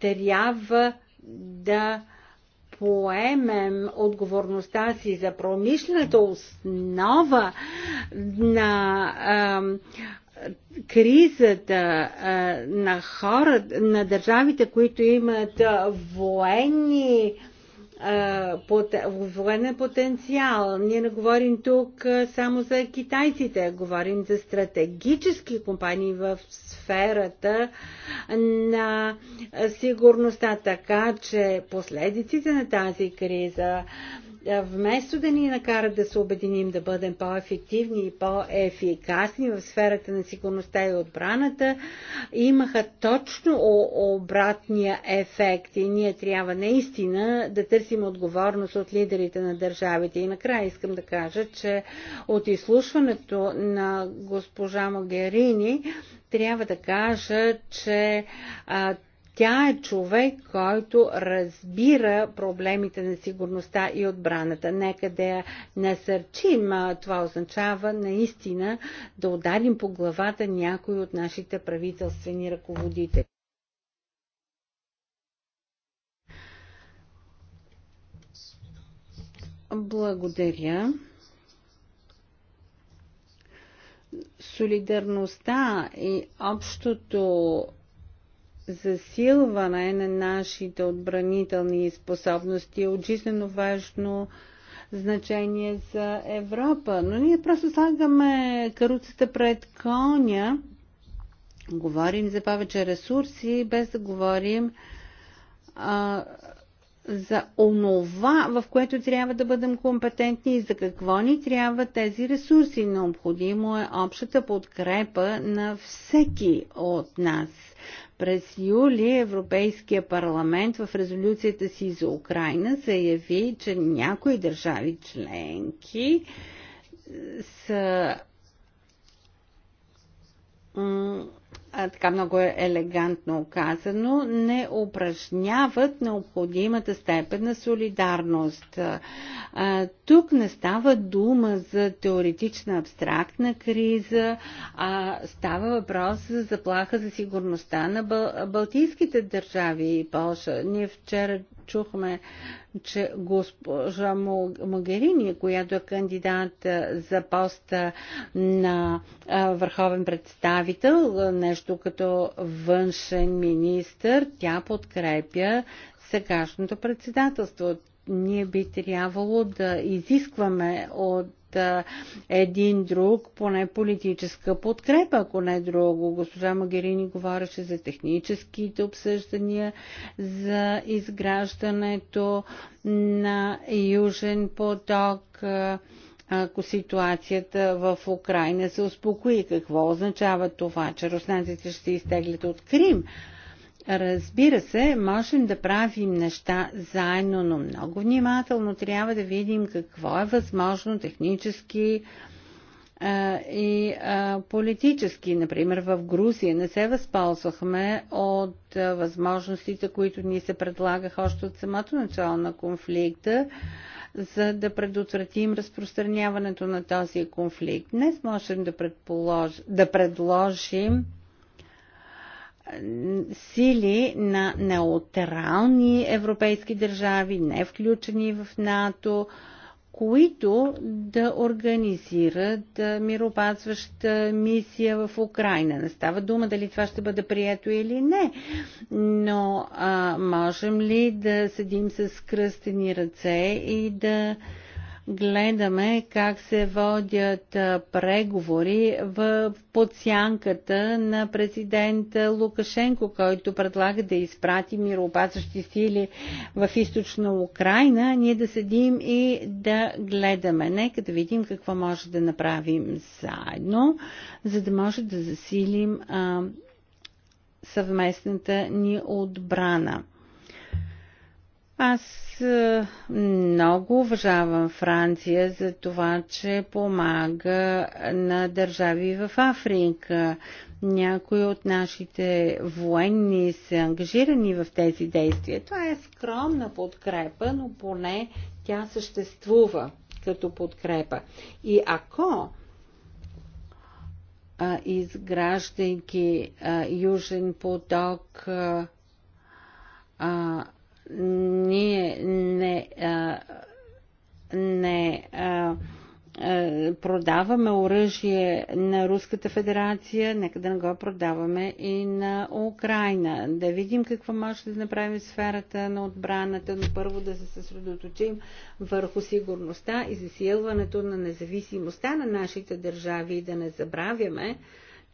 трябва да поемем отговорността си за промишлената основа на а, кризата а, на хората, на държавите, които имат военни а, военен потенциал. Ние не говорим тук само за китайците, говорим за стратегически компании в сферата на сигурността, така че последиците на тази криза вместо да ни накарат да се обединим, да бъдем по-ефективни и по-ефикасни в сферата на сигурността и отбраната, имаха точно обратния ефект и ние трябва наистина да търсим отговорност от лидерите на държавите. И накрая искам да кажа, че от изслушването на госпожа Могерини трябва да кажа, че а, тя е човек, който разбира проблемите на сигурността и отбраната. Нека да я насърчим. Това означава наистина да ударим по главата някой от нашите правителствени ръководители. Благодаря. Солидарността и общото засилване на нашите отбранителни способности е от важно значение за Европа. Но ние просто слагаме каруцата пред коня, говорим за повече ресурси, без да говорим а, за онова, в което трябва да бъдем компетентни и за какво ни трябва тези ресурси. Необходимо е общата подкрепа на всеки от нас. През юли Европейския парламент в резолюцията си за Украина заяви, че някои държави членки са така много е елегантно казано, не упражняват необходимата степен на солидарност. Тук не става дума за теоретична абстрактна криза, а става въпрос за заплаха за сигурността на балтийските държави и Польша. Ние вчера чухме, че госпожа Могерини, която е кандидат за поста на върховен представител, нещо като външен министр, тя подкрепя сегашното председателство. Ние би трябвало да изискваме от е, един друг, поне политическа подкрепа, ако не друго. Госпожа Магерини говореше за техническите обсъждания, за изграждането на Южен поток е, ако ситуацията в Украина се успокои. Какво означава това, че руснаците ще изтеглят от Крим? Разбира се, можем да правим неща заедно, но много внимателно трябва да видим какво е възможно технически а, и а, политически. Например, в Грузия не се възползвахме от а, възможностите, които ни се предлагаха още от самото начало на конфликта, за да предотвратим разпространяването на този конфликт. Днес можем да, да предложим сили на неутрални европейски държави, не включени в НАТО, които да организират миропазваща мисия в Украина. Не става дума дали това ще бъде прието или не, но а, можем ли да седим с кръстени ръце и да гледаме как се водят преговори в подсянката на президента Лукашенко, който предлага да изпрати мироопазващи сили в източна Украина, ние да седим и да гледаме. Нека да видим какво може да направим заедно, за да може да засилим съвместната ни отбрана. Аз е, много уважавам Франция за това, че помага на държави в Африка. Някои от нашите военни са ангажирани в тези действия. Това е скромна подкрепа, но поне тя съществува като подкрепа. И ако а, изграждайки а, Южен поток, а, ние не, а, не а, продаваме оръжие на Руската федерация, нека да не го продаваме и на Украина. Да видим какво може да направим в сферата на отбраната, но първо да се съсредоточим върху сигурността и засилването на независимостта на нашите държави и да не забравяме,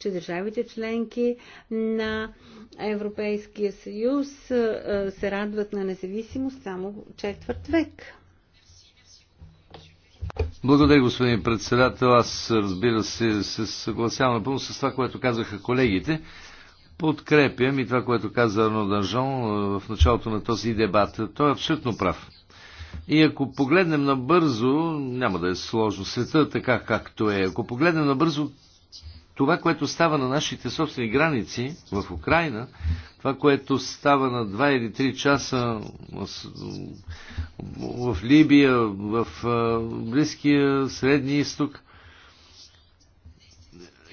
че държавите членки на Европейския съюз е, се радват на независимост само четвърт век. Благодаря, господин председател. Аз, разбира се, се съгласявам напълно с това, което казаха колегите. Подкрепям и това, което каза Арно Данжон е, в началото на този дебат. Той е абсолютно прав. И ако погледнем набързо, няма да е сложно света така както е, ако погледнем набързо това, което става на нашите собствени граници в Украина, това, което става на 2 или 3 часа в Либия, в Близкия Средния изток,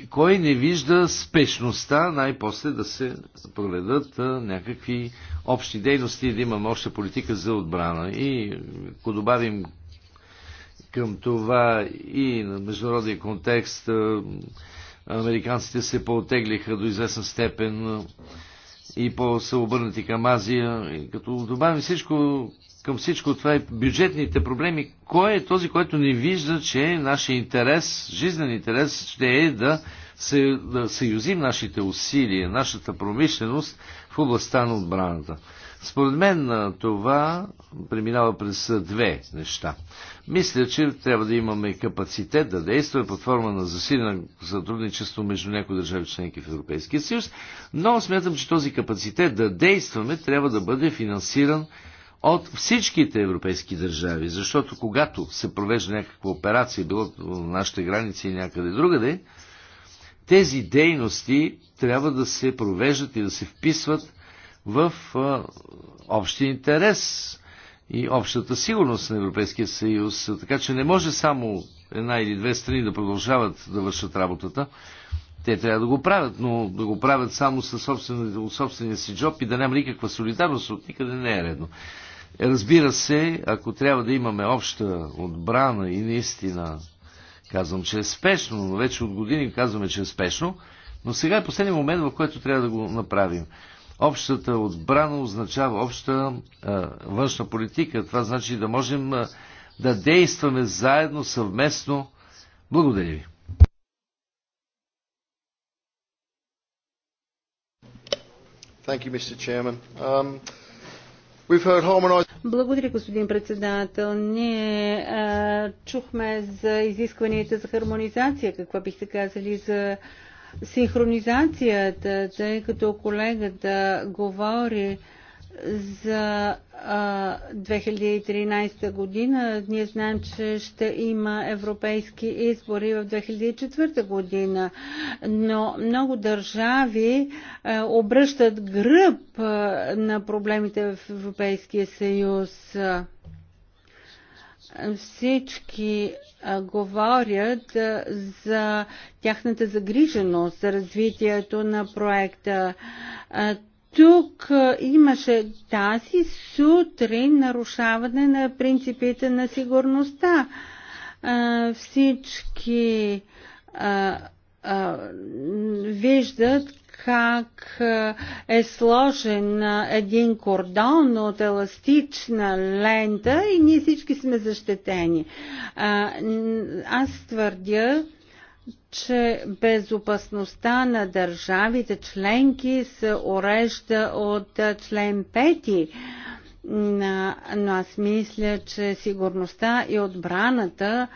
кой не вижда спешността най-после да се проведат някакви общи дейности и да имаме обща политика за отбрана. И ако добавим към това и на международния контекст американците се поотеглиха до известна степен и по-са обърнати към Азия. И като добавим всичко, към всичко това и бюджетните проблеми, кой е този, който не вижда, че нашия интерес, жизнен интерес, ще е да, се, да съюзим нашите усилия, нашата промишленост в областта на отбраната. Според мен това преминава през две неща. Мисля, че трябва да имаме капацитет да действаме под форма на засилено сътрудничество между някои държави членки в Европейския съюз, но смятам, че този капацитет да действаме трябва да бъде финансиран от всичките европейски държави, защото когато се провежда някаква операция, било на нашите граници и някъде другаде, тези дейности трябва да се провеждат и да се вписват в общия интерес и общата сигурност на Европейския съюз. Така че не може само една или две страни да продължават да вършат работата. Те трябва да го правят, но да го правят само със собствен, собствения си джоб и да няма никаква солидарност от никъде не е редно. Разбира се, ако трябва да имаме обща отбрана и наистина казвам, че е спешно, но вече от години казваме, че е спешно, но сега е последния момент, в който трябва да го направим. Общата отбрана означава обща а, външна политика. Това значи да можем а, да действаме заедно, съвместно. Благодаря ви. Um, Благодаря, господин председател. Ние а, чухме за изискванията за хармонизация. Какво бихте казали за а, синхронизацията, тъй като колегата говори за а, 2013 година. Ние знаем, че ще има европейски избори в 2004 година, но много държави а, обръщат гръб а, на проблемите в Европейския съюз всички а, говорят а, за тяхната загриженост за развитието на проекта. А, тук имаше тази сутрин нарушаване на принципите на сигурността. Всички виждат как е, е сложен един кордон от еластична лента и ние всички сме защитени. Аз твърдя, че безопасността на държавите членки се урежда от член 5 но аз мисля, че сигурността и отбраната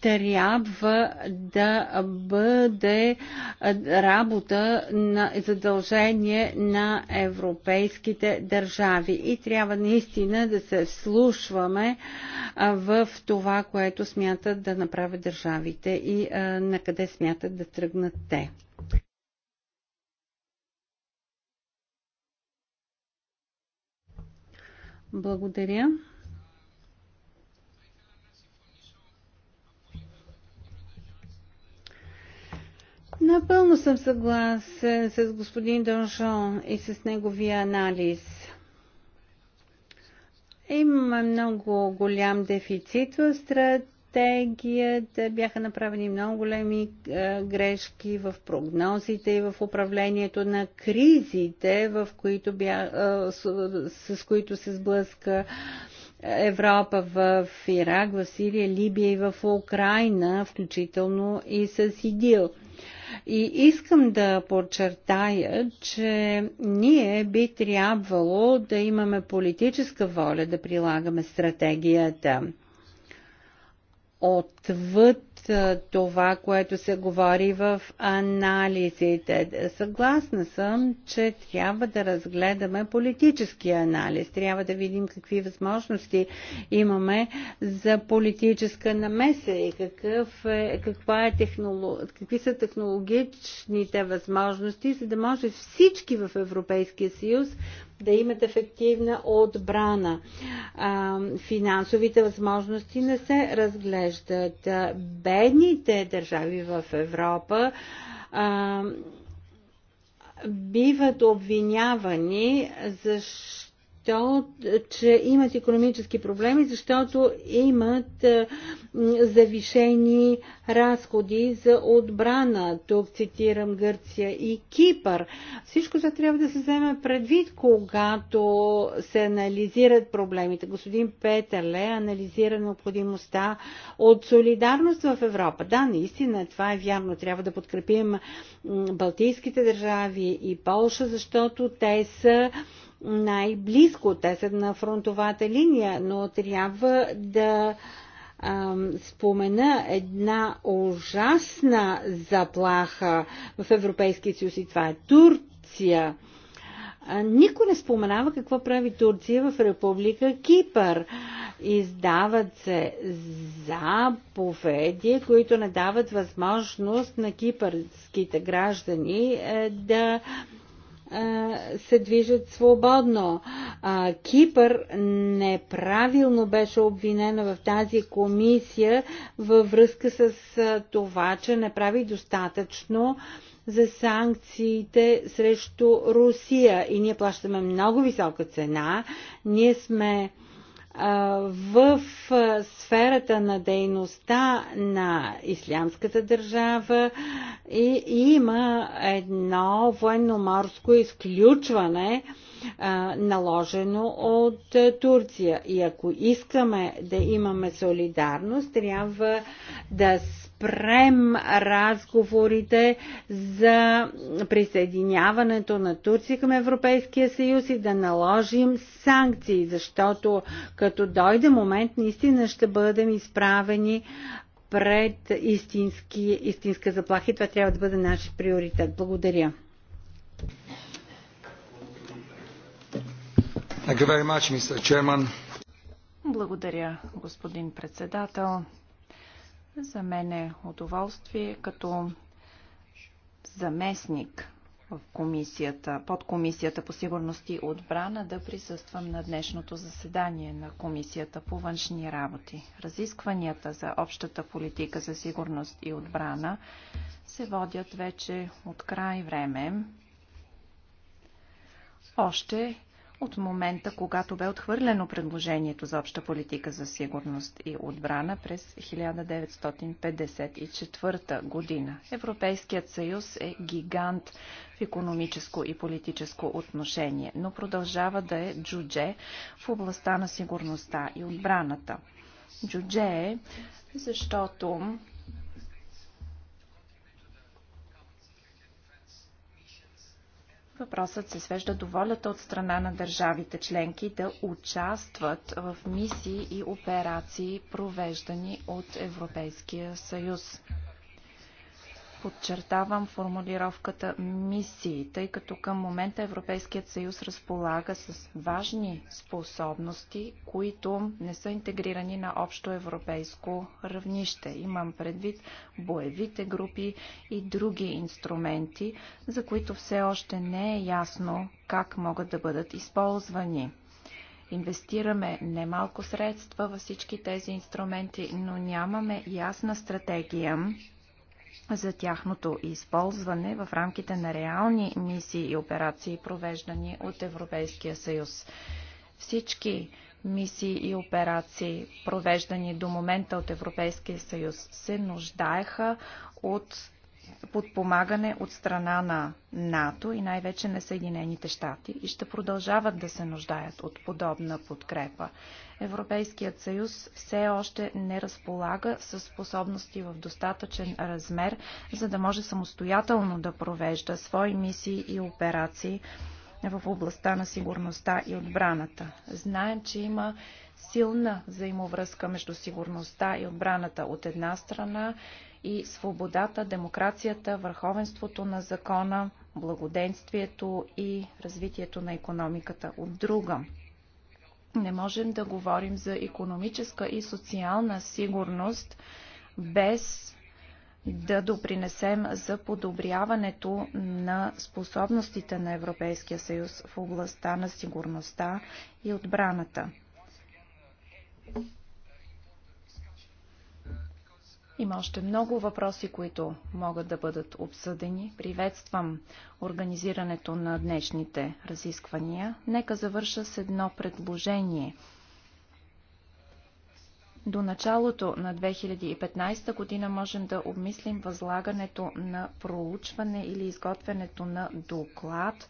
трябва да бъде работа на задължение на европейските държави и трябва наистина да се вслушваме в това, което смятат да направят държавите и на къде смятат да тръгнат те. Благодаря. Напълно съм съгласен с господин Доншон и с неговия анализ. Има много голям дефицит в стратегията. Бяха направени много големи е, грешки в прогнозите и в управлението на кризите, в които бя, е, с, с които се сблъска Европа в Ирак, в Сирия, Либия и в Украина, включително и с ИДИЛ. И искам да подчертая, че ние би трябвало да имаме политическа воля да прилагаме стратегията отвъд това, което се говори в анализите. Съгласна съм, че трябва да разгледаме политическия анализ. Трябва да видим какви възможности имаме за политическа намеса и какъв е, каква е технолог... какви са технологичните възможности, за да може всички в Европейския съюз да имат ефективна отбрана. Финансовите възможности не се разглеждат. Бедните държави в Европа биват обвинявани, защото защо, че имат економически проблеми, защото имат е, завишени разходи за отбрана. Тук цитирам Гърция и Кипър. Всичко това трябва да се вземе предвид, когато се анализират проблемите. Господин Петърле анализира необходимостта от солидарност в Европа. Да, наистина, това е вярно. Трябва да подкрепим Балтийските държави и Полша, защото те са най-близко. Те са на фронтовата линия, но трябва да спомена една ужасна заплаха в Европейския съюз и това е Турция. Никой не споменава какво прави Турция в Република Кипър. Издават се заповеди, които не дават възможност на кипърските граждани е, да се движат свободно. А, Кипър неправилно беше обвинена в тази комисия във връзка с това, че не прави достатъчно за санкциите срещу Русия. И ние плащаме много висока цена. Ние сме а, в сферата на дейността на Ислямската държава и има едно военно-морско изключване, наложено от Турция. И ако искаме да имаме солидарност, трябва да спрем разговорите за присъединяването на Турция към Европейския съюз и да наложим санкции, защото като дойде момент, наистина ще бъдем изправени пред истински, истинска заплаха и това трябва да бъде наш приоритет. Благодаря. Благодаря, господин председател. За мен е удоволствие като заместник в комисията, под комисията по сигурност и отбрана да присъствам на днешното заседание на комисията по външни работи. Разискванията за общата политика за сигурност и отбрана се водят вече от край време. Още от момента, когато бе отхвърлено предложението за обща политика за сигурност и отбрана през 1954 година. Европейският съюз е гигант в економическо и политическо отношение, но продължава да е джудже в областта на сигурността и отбраната. Джудже е, защото Въпросът се свежда до волята от страна на държавите членки да участват в мисии и операции, провеждани от Европейския съюз подчертавам формулировката мисии, тъй като към момента Европейският съюз разполага с важни способности, които не са интегрирани на общо европейско равнище. Имам предвид боевите групи и други инструменти, за които все още не е ясно как могат да бъдат използвани. Инвестираме немалко средства във всички тези инструменти, но нямаме ясна стратегия за тяхното използване в рамките на реални мисии и операции, провеждани от Европейския съюз. Всички мисии и операции, провеждани до момента от Европейския съюз, се нуждаеха от подпомагане от страна на НАТО и най-вече на Съединените щати и ще продължават да се нуждаят от подобна подкрепа. Европейският съюз все още не разполага с способности в достатъчен размер, за да може самостоятелно да провежда свои мисии и операции в областта на сигурността и отбраната. Знаем, че има силна взаимовръзка между сигурността и отбраната от една страна и свободата, демокрацията, върховенството на закона, благоденствието и развитието на економиката от друга. Не можем да говорим за економическа и социална сигурност без да допринесем за подобряването на способностите на Европейския съюз в областта на сигурността и отбраната. Има още много въпроси, които могат да бъдат обсъдени. Приветствам организирането на днешните разисквания. Нека завърша с едно предложение. До началото на 2015 година можем да обмислим възлагането на проучване или изготвянето на доклад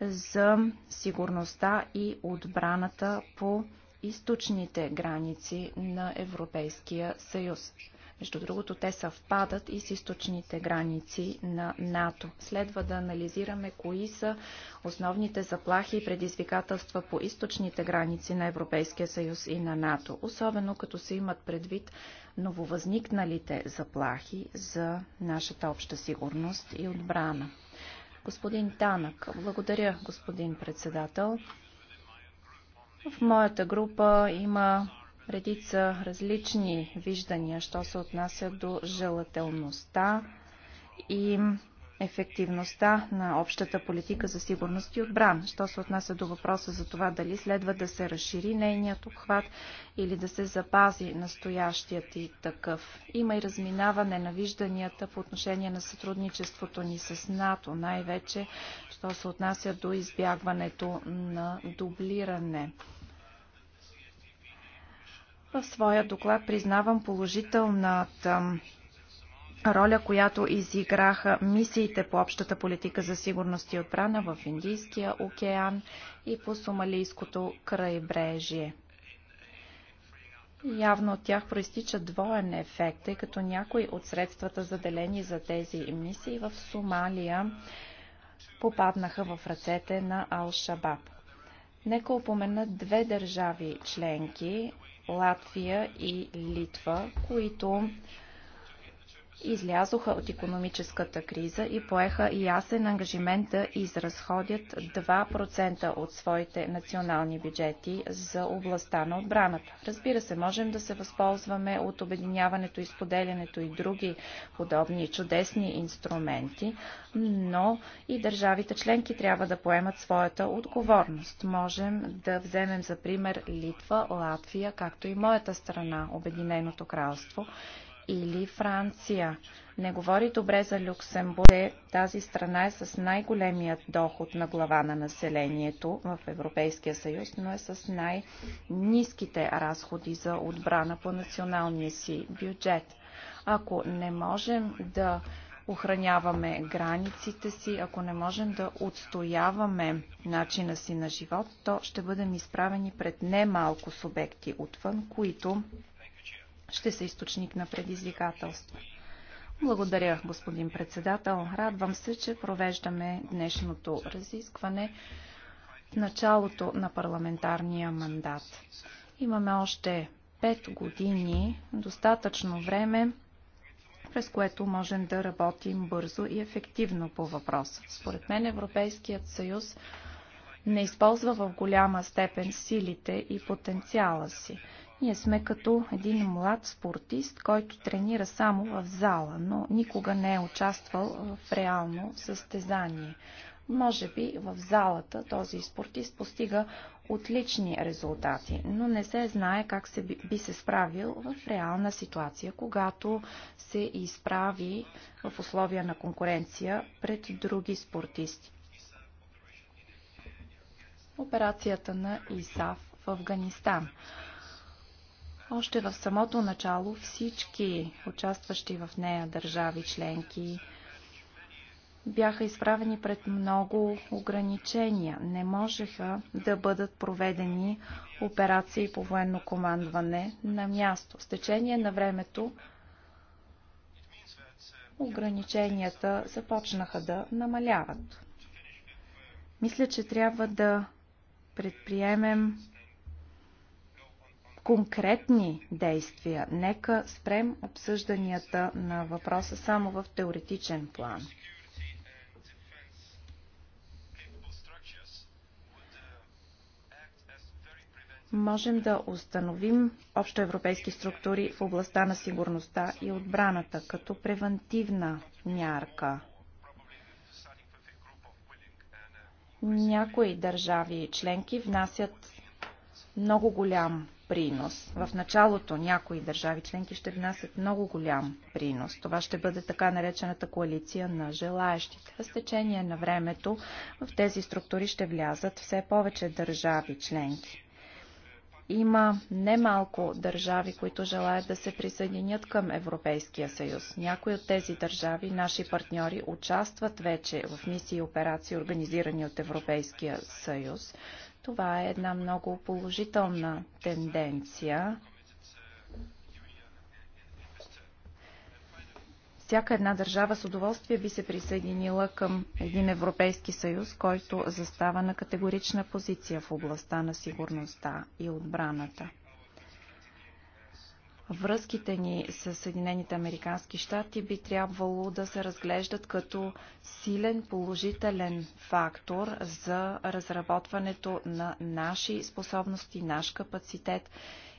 за сигурността и отбраната по източните граници на Европейския съюз. Между другото, те съвпадат и с източните граници на НАТО. Следва да анализираме кои са основните заплахи и предизвикателства по източните граници на Европейския съюз и на НАТО, особено като се имат предвид нововъзникналите заплахи за нашата обща сигурност и отбрана. Господин Танък, благодаря, господин председател. В моята група има редица различни виждания, що се отнася до желателността и ефективността на общата политика за сигурност и отбрана. Що се отнася до въпроса за това дали следва да се разшири нейният обхват или да се запази настоящият и такъв. Има и разминаване на вижданията по отношение на сътрудничеството ни с НАТО, най-вече, що се отнася до избягването на дублиране. В своя доклад признавам положителната роля, която изиграха мисиите по общата политика за сигурност и отбрана в Индийския океан и по Сомалийското крайбрежие. Явно от тях проистича двоен ефект, тъй като някои от средствата заделени за тези мисии в Сомалия попаднаха в ръцете на Ал-Шабаб. Нека упомена две държави членки, Латвия и Литва, които излязоха от економическата криза и поеха ясен ангажимент да изразходят 2% от своите национални бюджети за областта на отбраната. Разбира се, можем да се възползваме от обединяването, изподелянето и други подобни чудесни инструменти, но и държавите членки трябва да поемат своята отговорност. Можем да вземем за пример Литва, Латвия, както и моята страна, Обединеното кралство, или Франция. Не говори добре за Люксембург. Тази страна е с най-големият доход на глава на населението в Европейския съюз, но е с най-низките разходи за отбрана по националния си бюджет. Ако не можем да охраняваме границите си, ако не можем да отстояваме начина си на живот, то ще бъдем изправени пред немалко субекти отвън, които ще са източник на предизвикателства. Благодаря, господин председател. Радвам се, че провеждаме днешното разискване в началото на парламентарния мандат. Имаме още пет години, достатъчно време, през което можем да работим бързо и ефективно по въпроса. Според мен Европейският съюз не използва в голяма степен силите и потенциала си. Ние сме като един млад спортист, който тренира само в зала, но никога не е участвал в реално състезание. Може би в залата този спортист постига отлични резултати, но не се знае как се би се справил в реална ситуация, когато се изправи в условия на конкуренция пред други спортисти. Операцията на ИСАФ в Афганистан. Още в самото начало всички участващи в нея държави членки бяха изправени пред много ограничения. Не можеха да бъдат проведени операции по военно командване на място. С течение на времето ограниченията започнаха да намаляват. Мисля, че трябва да предприемем конкретни действия. Нека спрем обсъжданията на въпроса само в теоретичен план. можем да установим общоевропейски структури в областта на сигурността и отбраната като превентивна мярка. Някои държави членки внасят много голям принос. В началото някои държави членки ще внасят много голям принос. Това ще бъде така наречената коалиция на желаящите. С течение на времето в тези структури ще влязат все повече държави членки. Има немалко държави, които желаят да се присъединят към Европейския съюз. Някои от тези държави, наши партньори, участват вече в мисии и операции, организирани от Европейския съюз. Това е една много положителна тенденция. всяка една държава с удоволствие би се присъединила към един Европейски съюз, който застава на категорична позиция в областта на сигурността и отбраната връзките ни с Съединените Американски щати би трябвало да се разглеждат като силен положителен фактор за разработването на наши способности, наш капацитет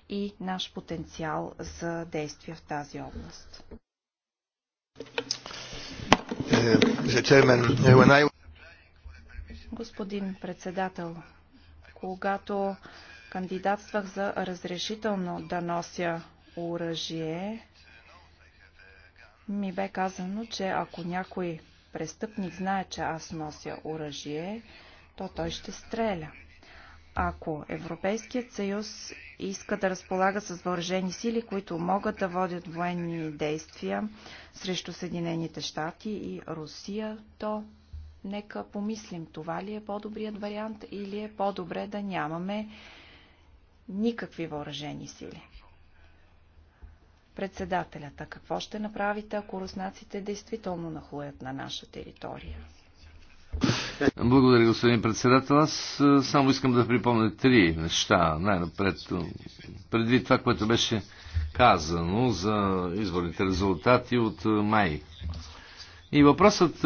и наш потенциал за действие в тази област. Господин председател, когато кандидатствах за разрешително да нося оръжие, ми бе казано, че ако някой престъпник знае, че аз нося оръжие, то той ще стреля. Ако Европейският съюз иска да разполага с въоръжени сили, които могат да водят военни действия срещу Съединените щати и Русия, то нека помислим, това ли е по-добрият вариант или е по-добре да нямаме никакви въоръжени сили. Председателята, какво ще направите, ако руснаците действително нахлуят на наша територия? Благодаря, господин председател. Аз е, само искам да припомня три неща. Най-напред, е, преди това, което беше казано за изборните резултати от е, май. И въпросът,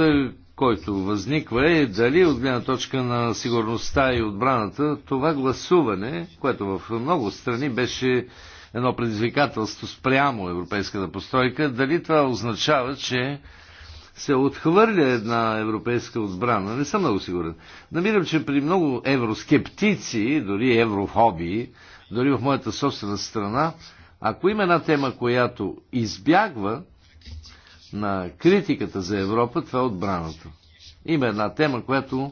който възниква е дали от гледна точка на сигурността и отбраната това гласуване, което в много страни беше едно предизвикателство спрямо европейската постройка, дали това означава, че се отхвърля една европейска отбрана. Не съм много сигурен. Намирам, че при много евроскептици, дори еврофоби, дори в моята собствена страна, ако има една тема, която избягва на критиката за Европа, това е отбраната. Има една тема, която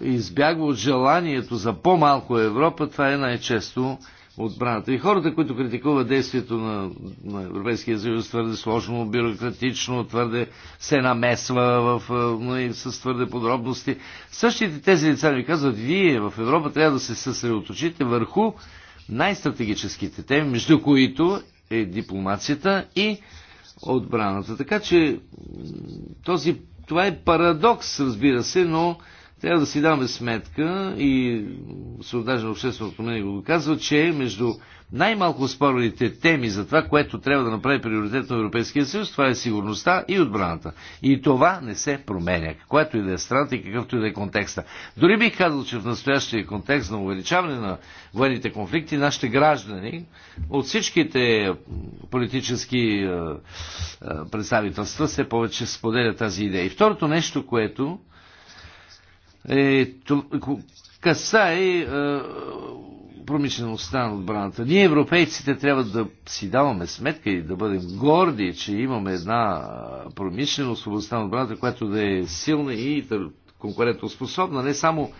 избягва от желанието за по-малко Европа, това е най-често отбраната. И хората, които критикуват действието на, на Европейския съюз, твърде сложно, бюрократично, твърде се намесва в, и с твърде подробности. Същите тези лица ви казват, вие в Европа трябва да се съсредоточите върху най-стратегическите теми, между които е дипломацията и отбраната. Така че този, това е парадокс, разбира се, но трябва да си даваме сметка и сондаж на общественото мнение го казва, че между най-малко спорните теми за това, което трябва да направи приоритет на Европейския съюз, това е сигурността и отбраната. И това не се променя, каквато и да е страната и какъвто и да е контекста. Дори бих казал, че в настоящия контекст на увеличаване на военните конфликти, нашите граждани от всичките политически е, е, представителства все повече споделят тази идея. И второто нещо, което е, касае е, промишлеността на отбраната. Ние европейците трябва да си даваме сметка и да бъдем горди, че имаме една промишленост в областта на отбраната, която да е силна и конкурентоспособна, не само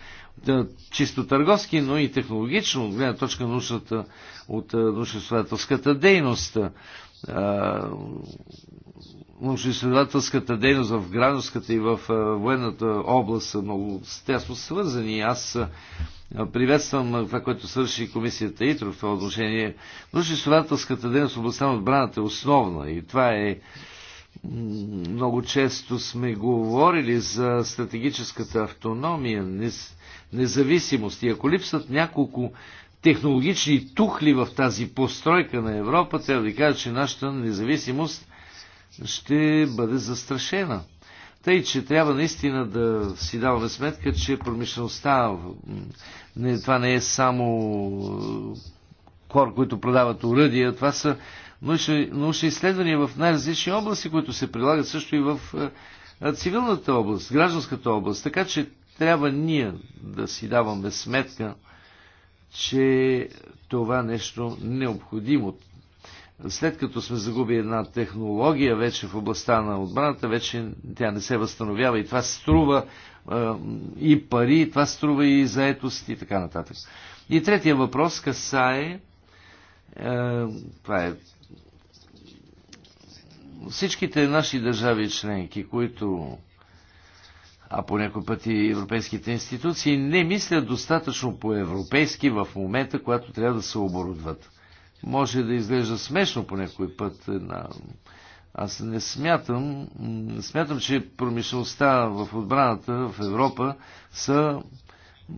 да, е, чисто търговски, но и технологично, от гледна точка на научната, от е, научно-следователската дейност. Е, научно-изследователската дейност в гражданската и в е, военната област са много тясно свързани. Аз е, приветствам е, това, което свърши комисията ИТРО в това отношение. Научно-изследователската дейност в областта на отбраната е основна и това е много често сме говорили за стратегическата автономия, независимост. И ако липсват няколко технологични тухли в тази постройка на Европа, трябва да ви кажа, че нашата независимост ще бъде застрашена. Тъй, че трябва наистина да си даваме сметка, че промишлеността, не, това не е само е, хора, които продават уръдия, това са научни, научни изследвания в най-различни области, които се прилагат също и в е, е, цивилната област, гражданската област. Така че трябва ние да си даваме сметка, че това нещо необходимо след като сме загубили една технология вече в областта на отбраната, вече тя не се възстановява и това струва и пари, и това струва и заетост и така нататък. И третия въпрос касае, е, това е всичките наши държави членки, които а по някои пъти европейските институции не мислят достатъчно по-европейски в момента, когато трябва да се оборудват. Може да изглежда смешно по някой път е, аз не смятам, не смятам, че промишлеността в отбраната в Европа са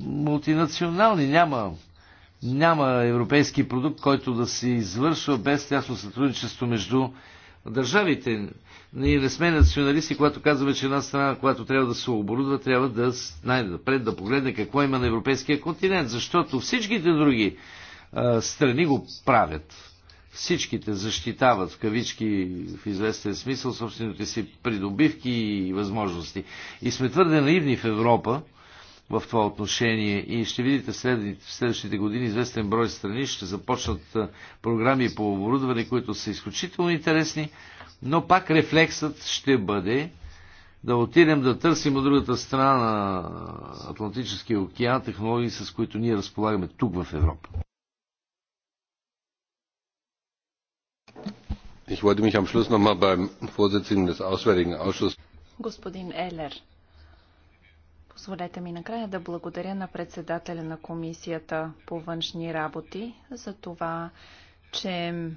мултинационални. Няма, няма европейски продукт, който да се извършва без тясно сътрудничество между държавите. Ние не сме националисти, когато казваме, че една страна, която трябва да се оборудва, трябва да най-напред да погледне какво има на европейския континент, защото всичките други страни го правят. Всичките защитават, в кавички, в известен смисъл, собствените си придобивки и възможности. И сме твърде наивни в Европа, в това отношение и ще видите в, след, в следващите години известен брой страни ще започнат програми по оборудване, които са изключително интересни, но пак рефлексът ще бъде да отидем да търсим от другата страна на Атлантическия океан технологии, с които ние разполагаме тук в Европа. Ich wollte mich am Schluss nochmal beim Vorsitzenden des Auswärtigen Ausschusses. Господин Елер, позволете ми накрая да благодаря на председателя на Комисията по външни работи за това, че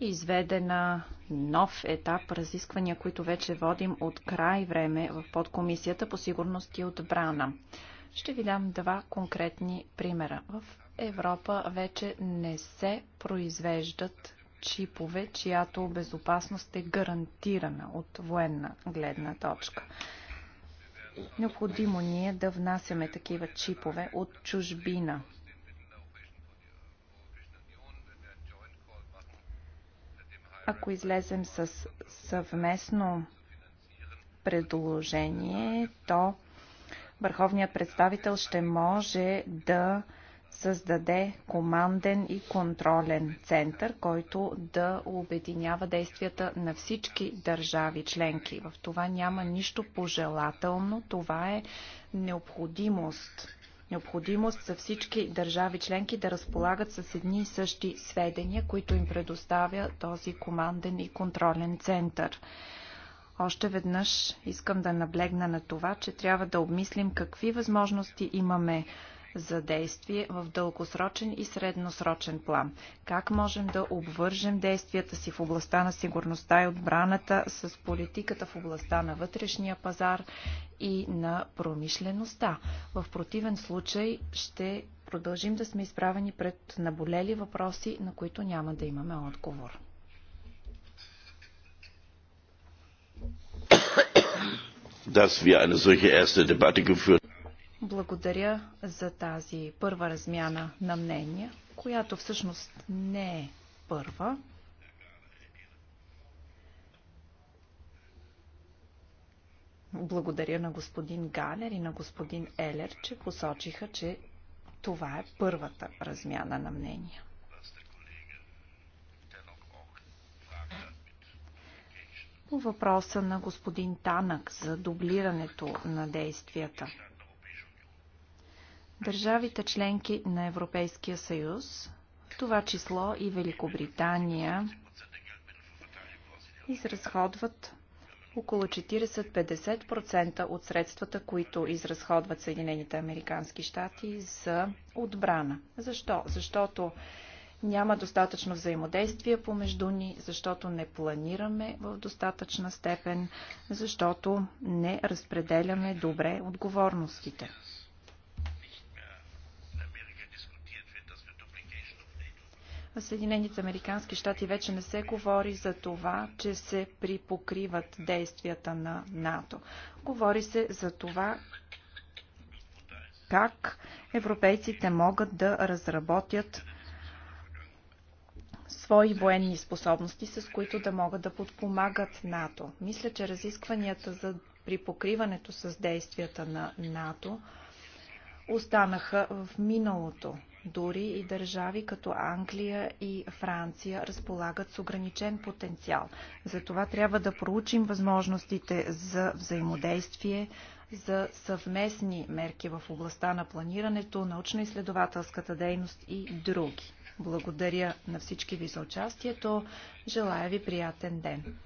изведе на нов етап разисквания, които вече водим от край време в подкомисията по сигурност и отбрана. Ще ви дам два конкретни примера. В Европа вече не се произвеждат чипове, чиято безопасност е гарантирана от военна гледна точка. Необходимо ни е да внасяме такива чипове от чужбина. Ако излезем с съвместно предложение, то върховният представител ще може да създаде команден и контролен център, който да обединява действията на всички държави членки. В това няма нищо пожелателно, това е необходимост. Необходимост за всички държави членки да разполагат с едни и същи сведения, които им предоставя този команден и контролен център. Още веднъж искам да наблегна на това, че трябва да обмислим какви възможности имаме за действие в дългосрочен и средносрочен план. Как можем да обвържем действията си в областта на сигурността и отбраната с политиката в областта на вътрешния пазар и на промишлеността? В противен случай ще продължим да сме изправени пред наболели въпроси, на които няма да имаме отговор. dass wir eine solche erste Debatte geführt haben. Благодаря за тази първа размяна на мнения, която всъщност не е първа. Благодаря на господин Галер и на господин Елер, че посочиха, че това е първата размяна на мнения. По въпроса на господин Танък за дублирането на действията – Държавите членки на Европейския съюз, в това число и Великобритания, изразходват около 40-50% от средствата, които изразходват Съединените Американски щати за отбрана. Защо? Защото няма достатъчно взаимодействие помежду ни, защото не планираме в достатъчна степен, защото не разпределяме добре отговорностите. Съединените Американски щати вече не се говори за това, че се припокриват действията на НАТО. Говори се за това как европейците могат да разработят свои военни способности, с които да могат да подпомагат НАТО. Мисля, че разискванията за припокриването с действията на НАТО останаха в миналото. Дори и държави като Англия и Франция разполагат с ограничен потенциал. Затова трябва да проучим възможностите за взаимодействие, за съвместни мерки в областта на планирането, научно-изследователската дейност и други. Благодаря на всички ви за участието. Желая ви приятен ден.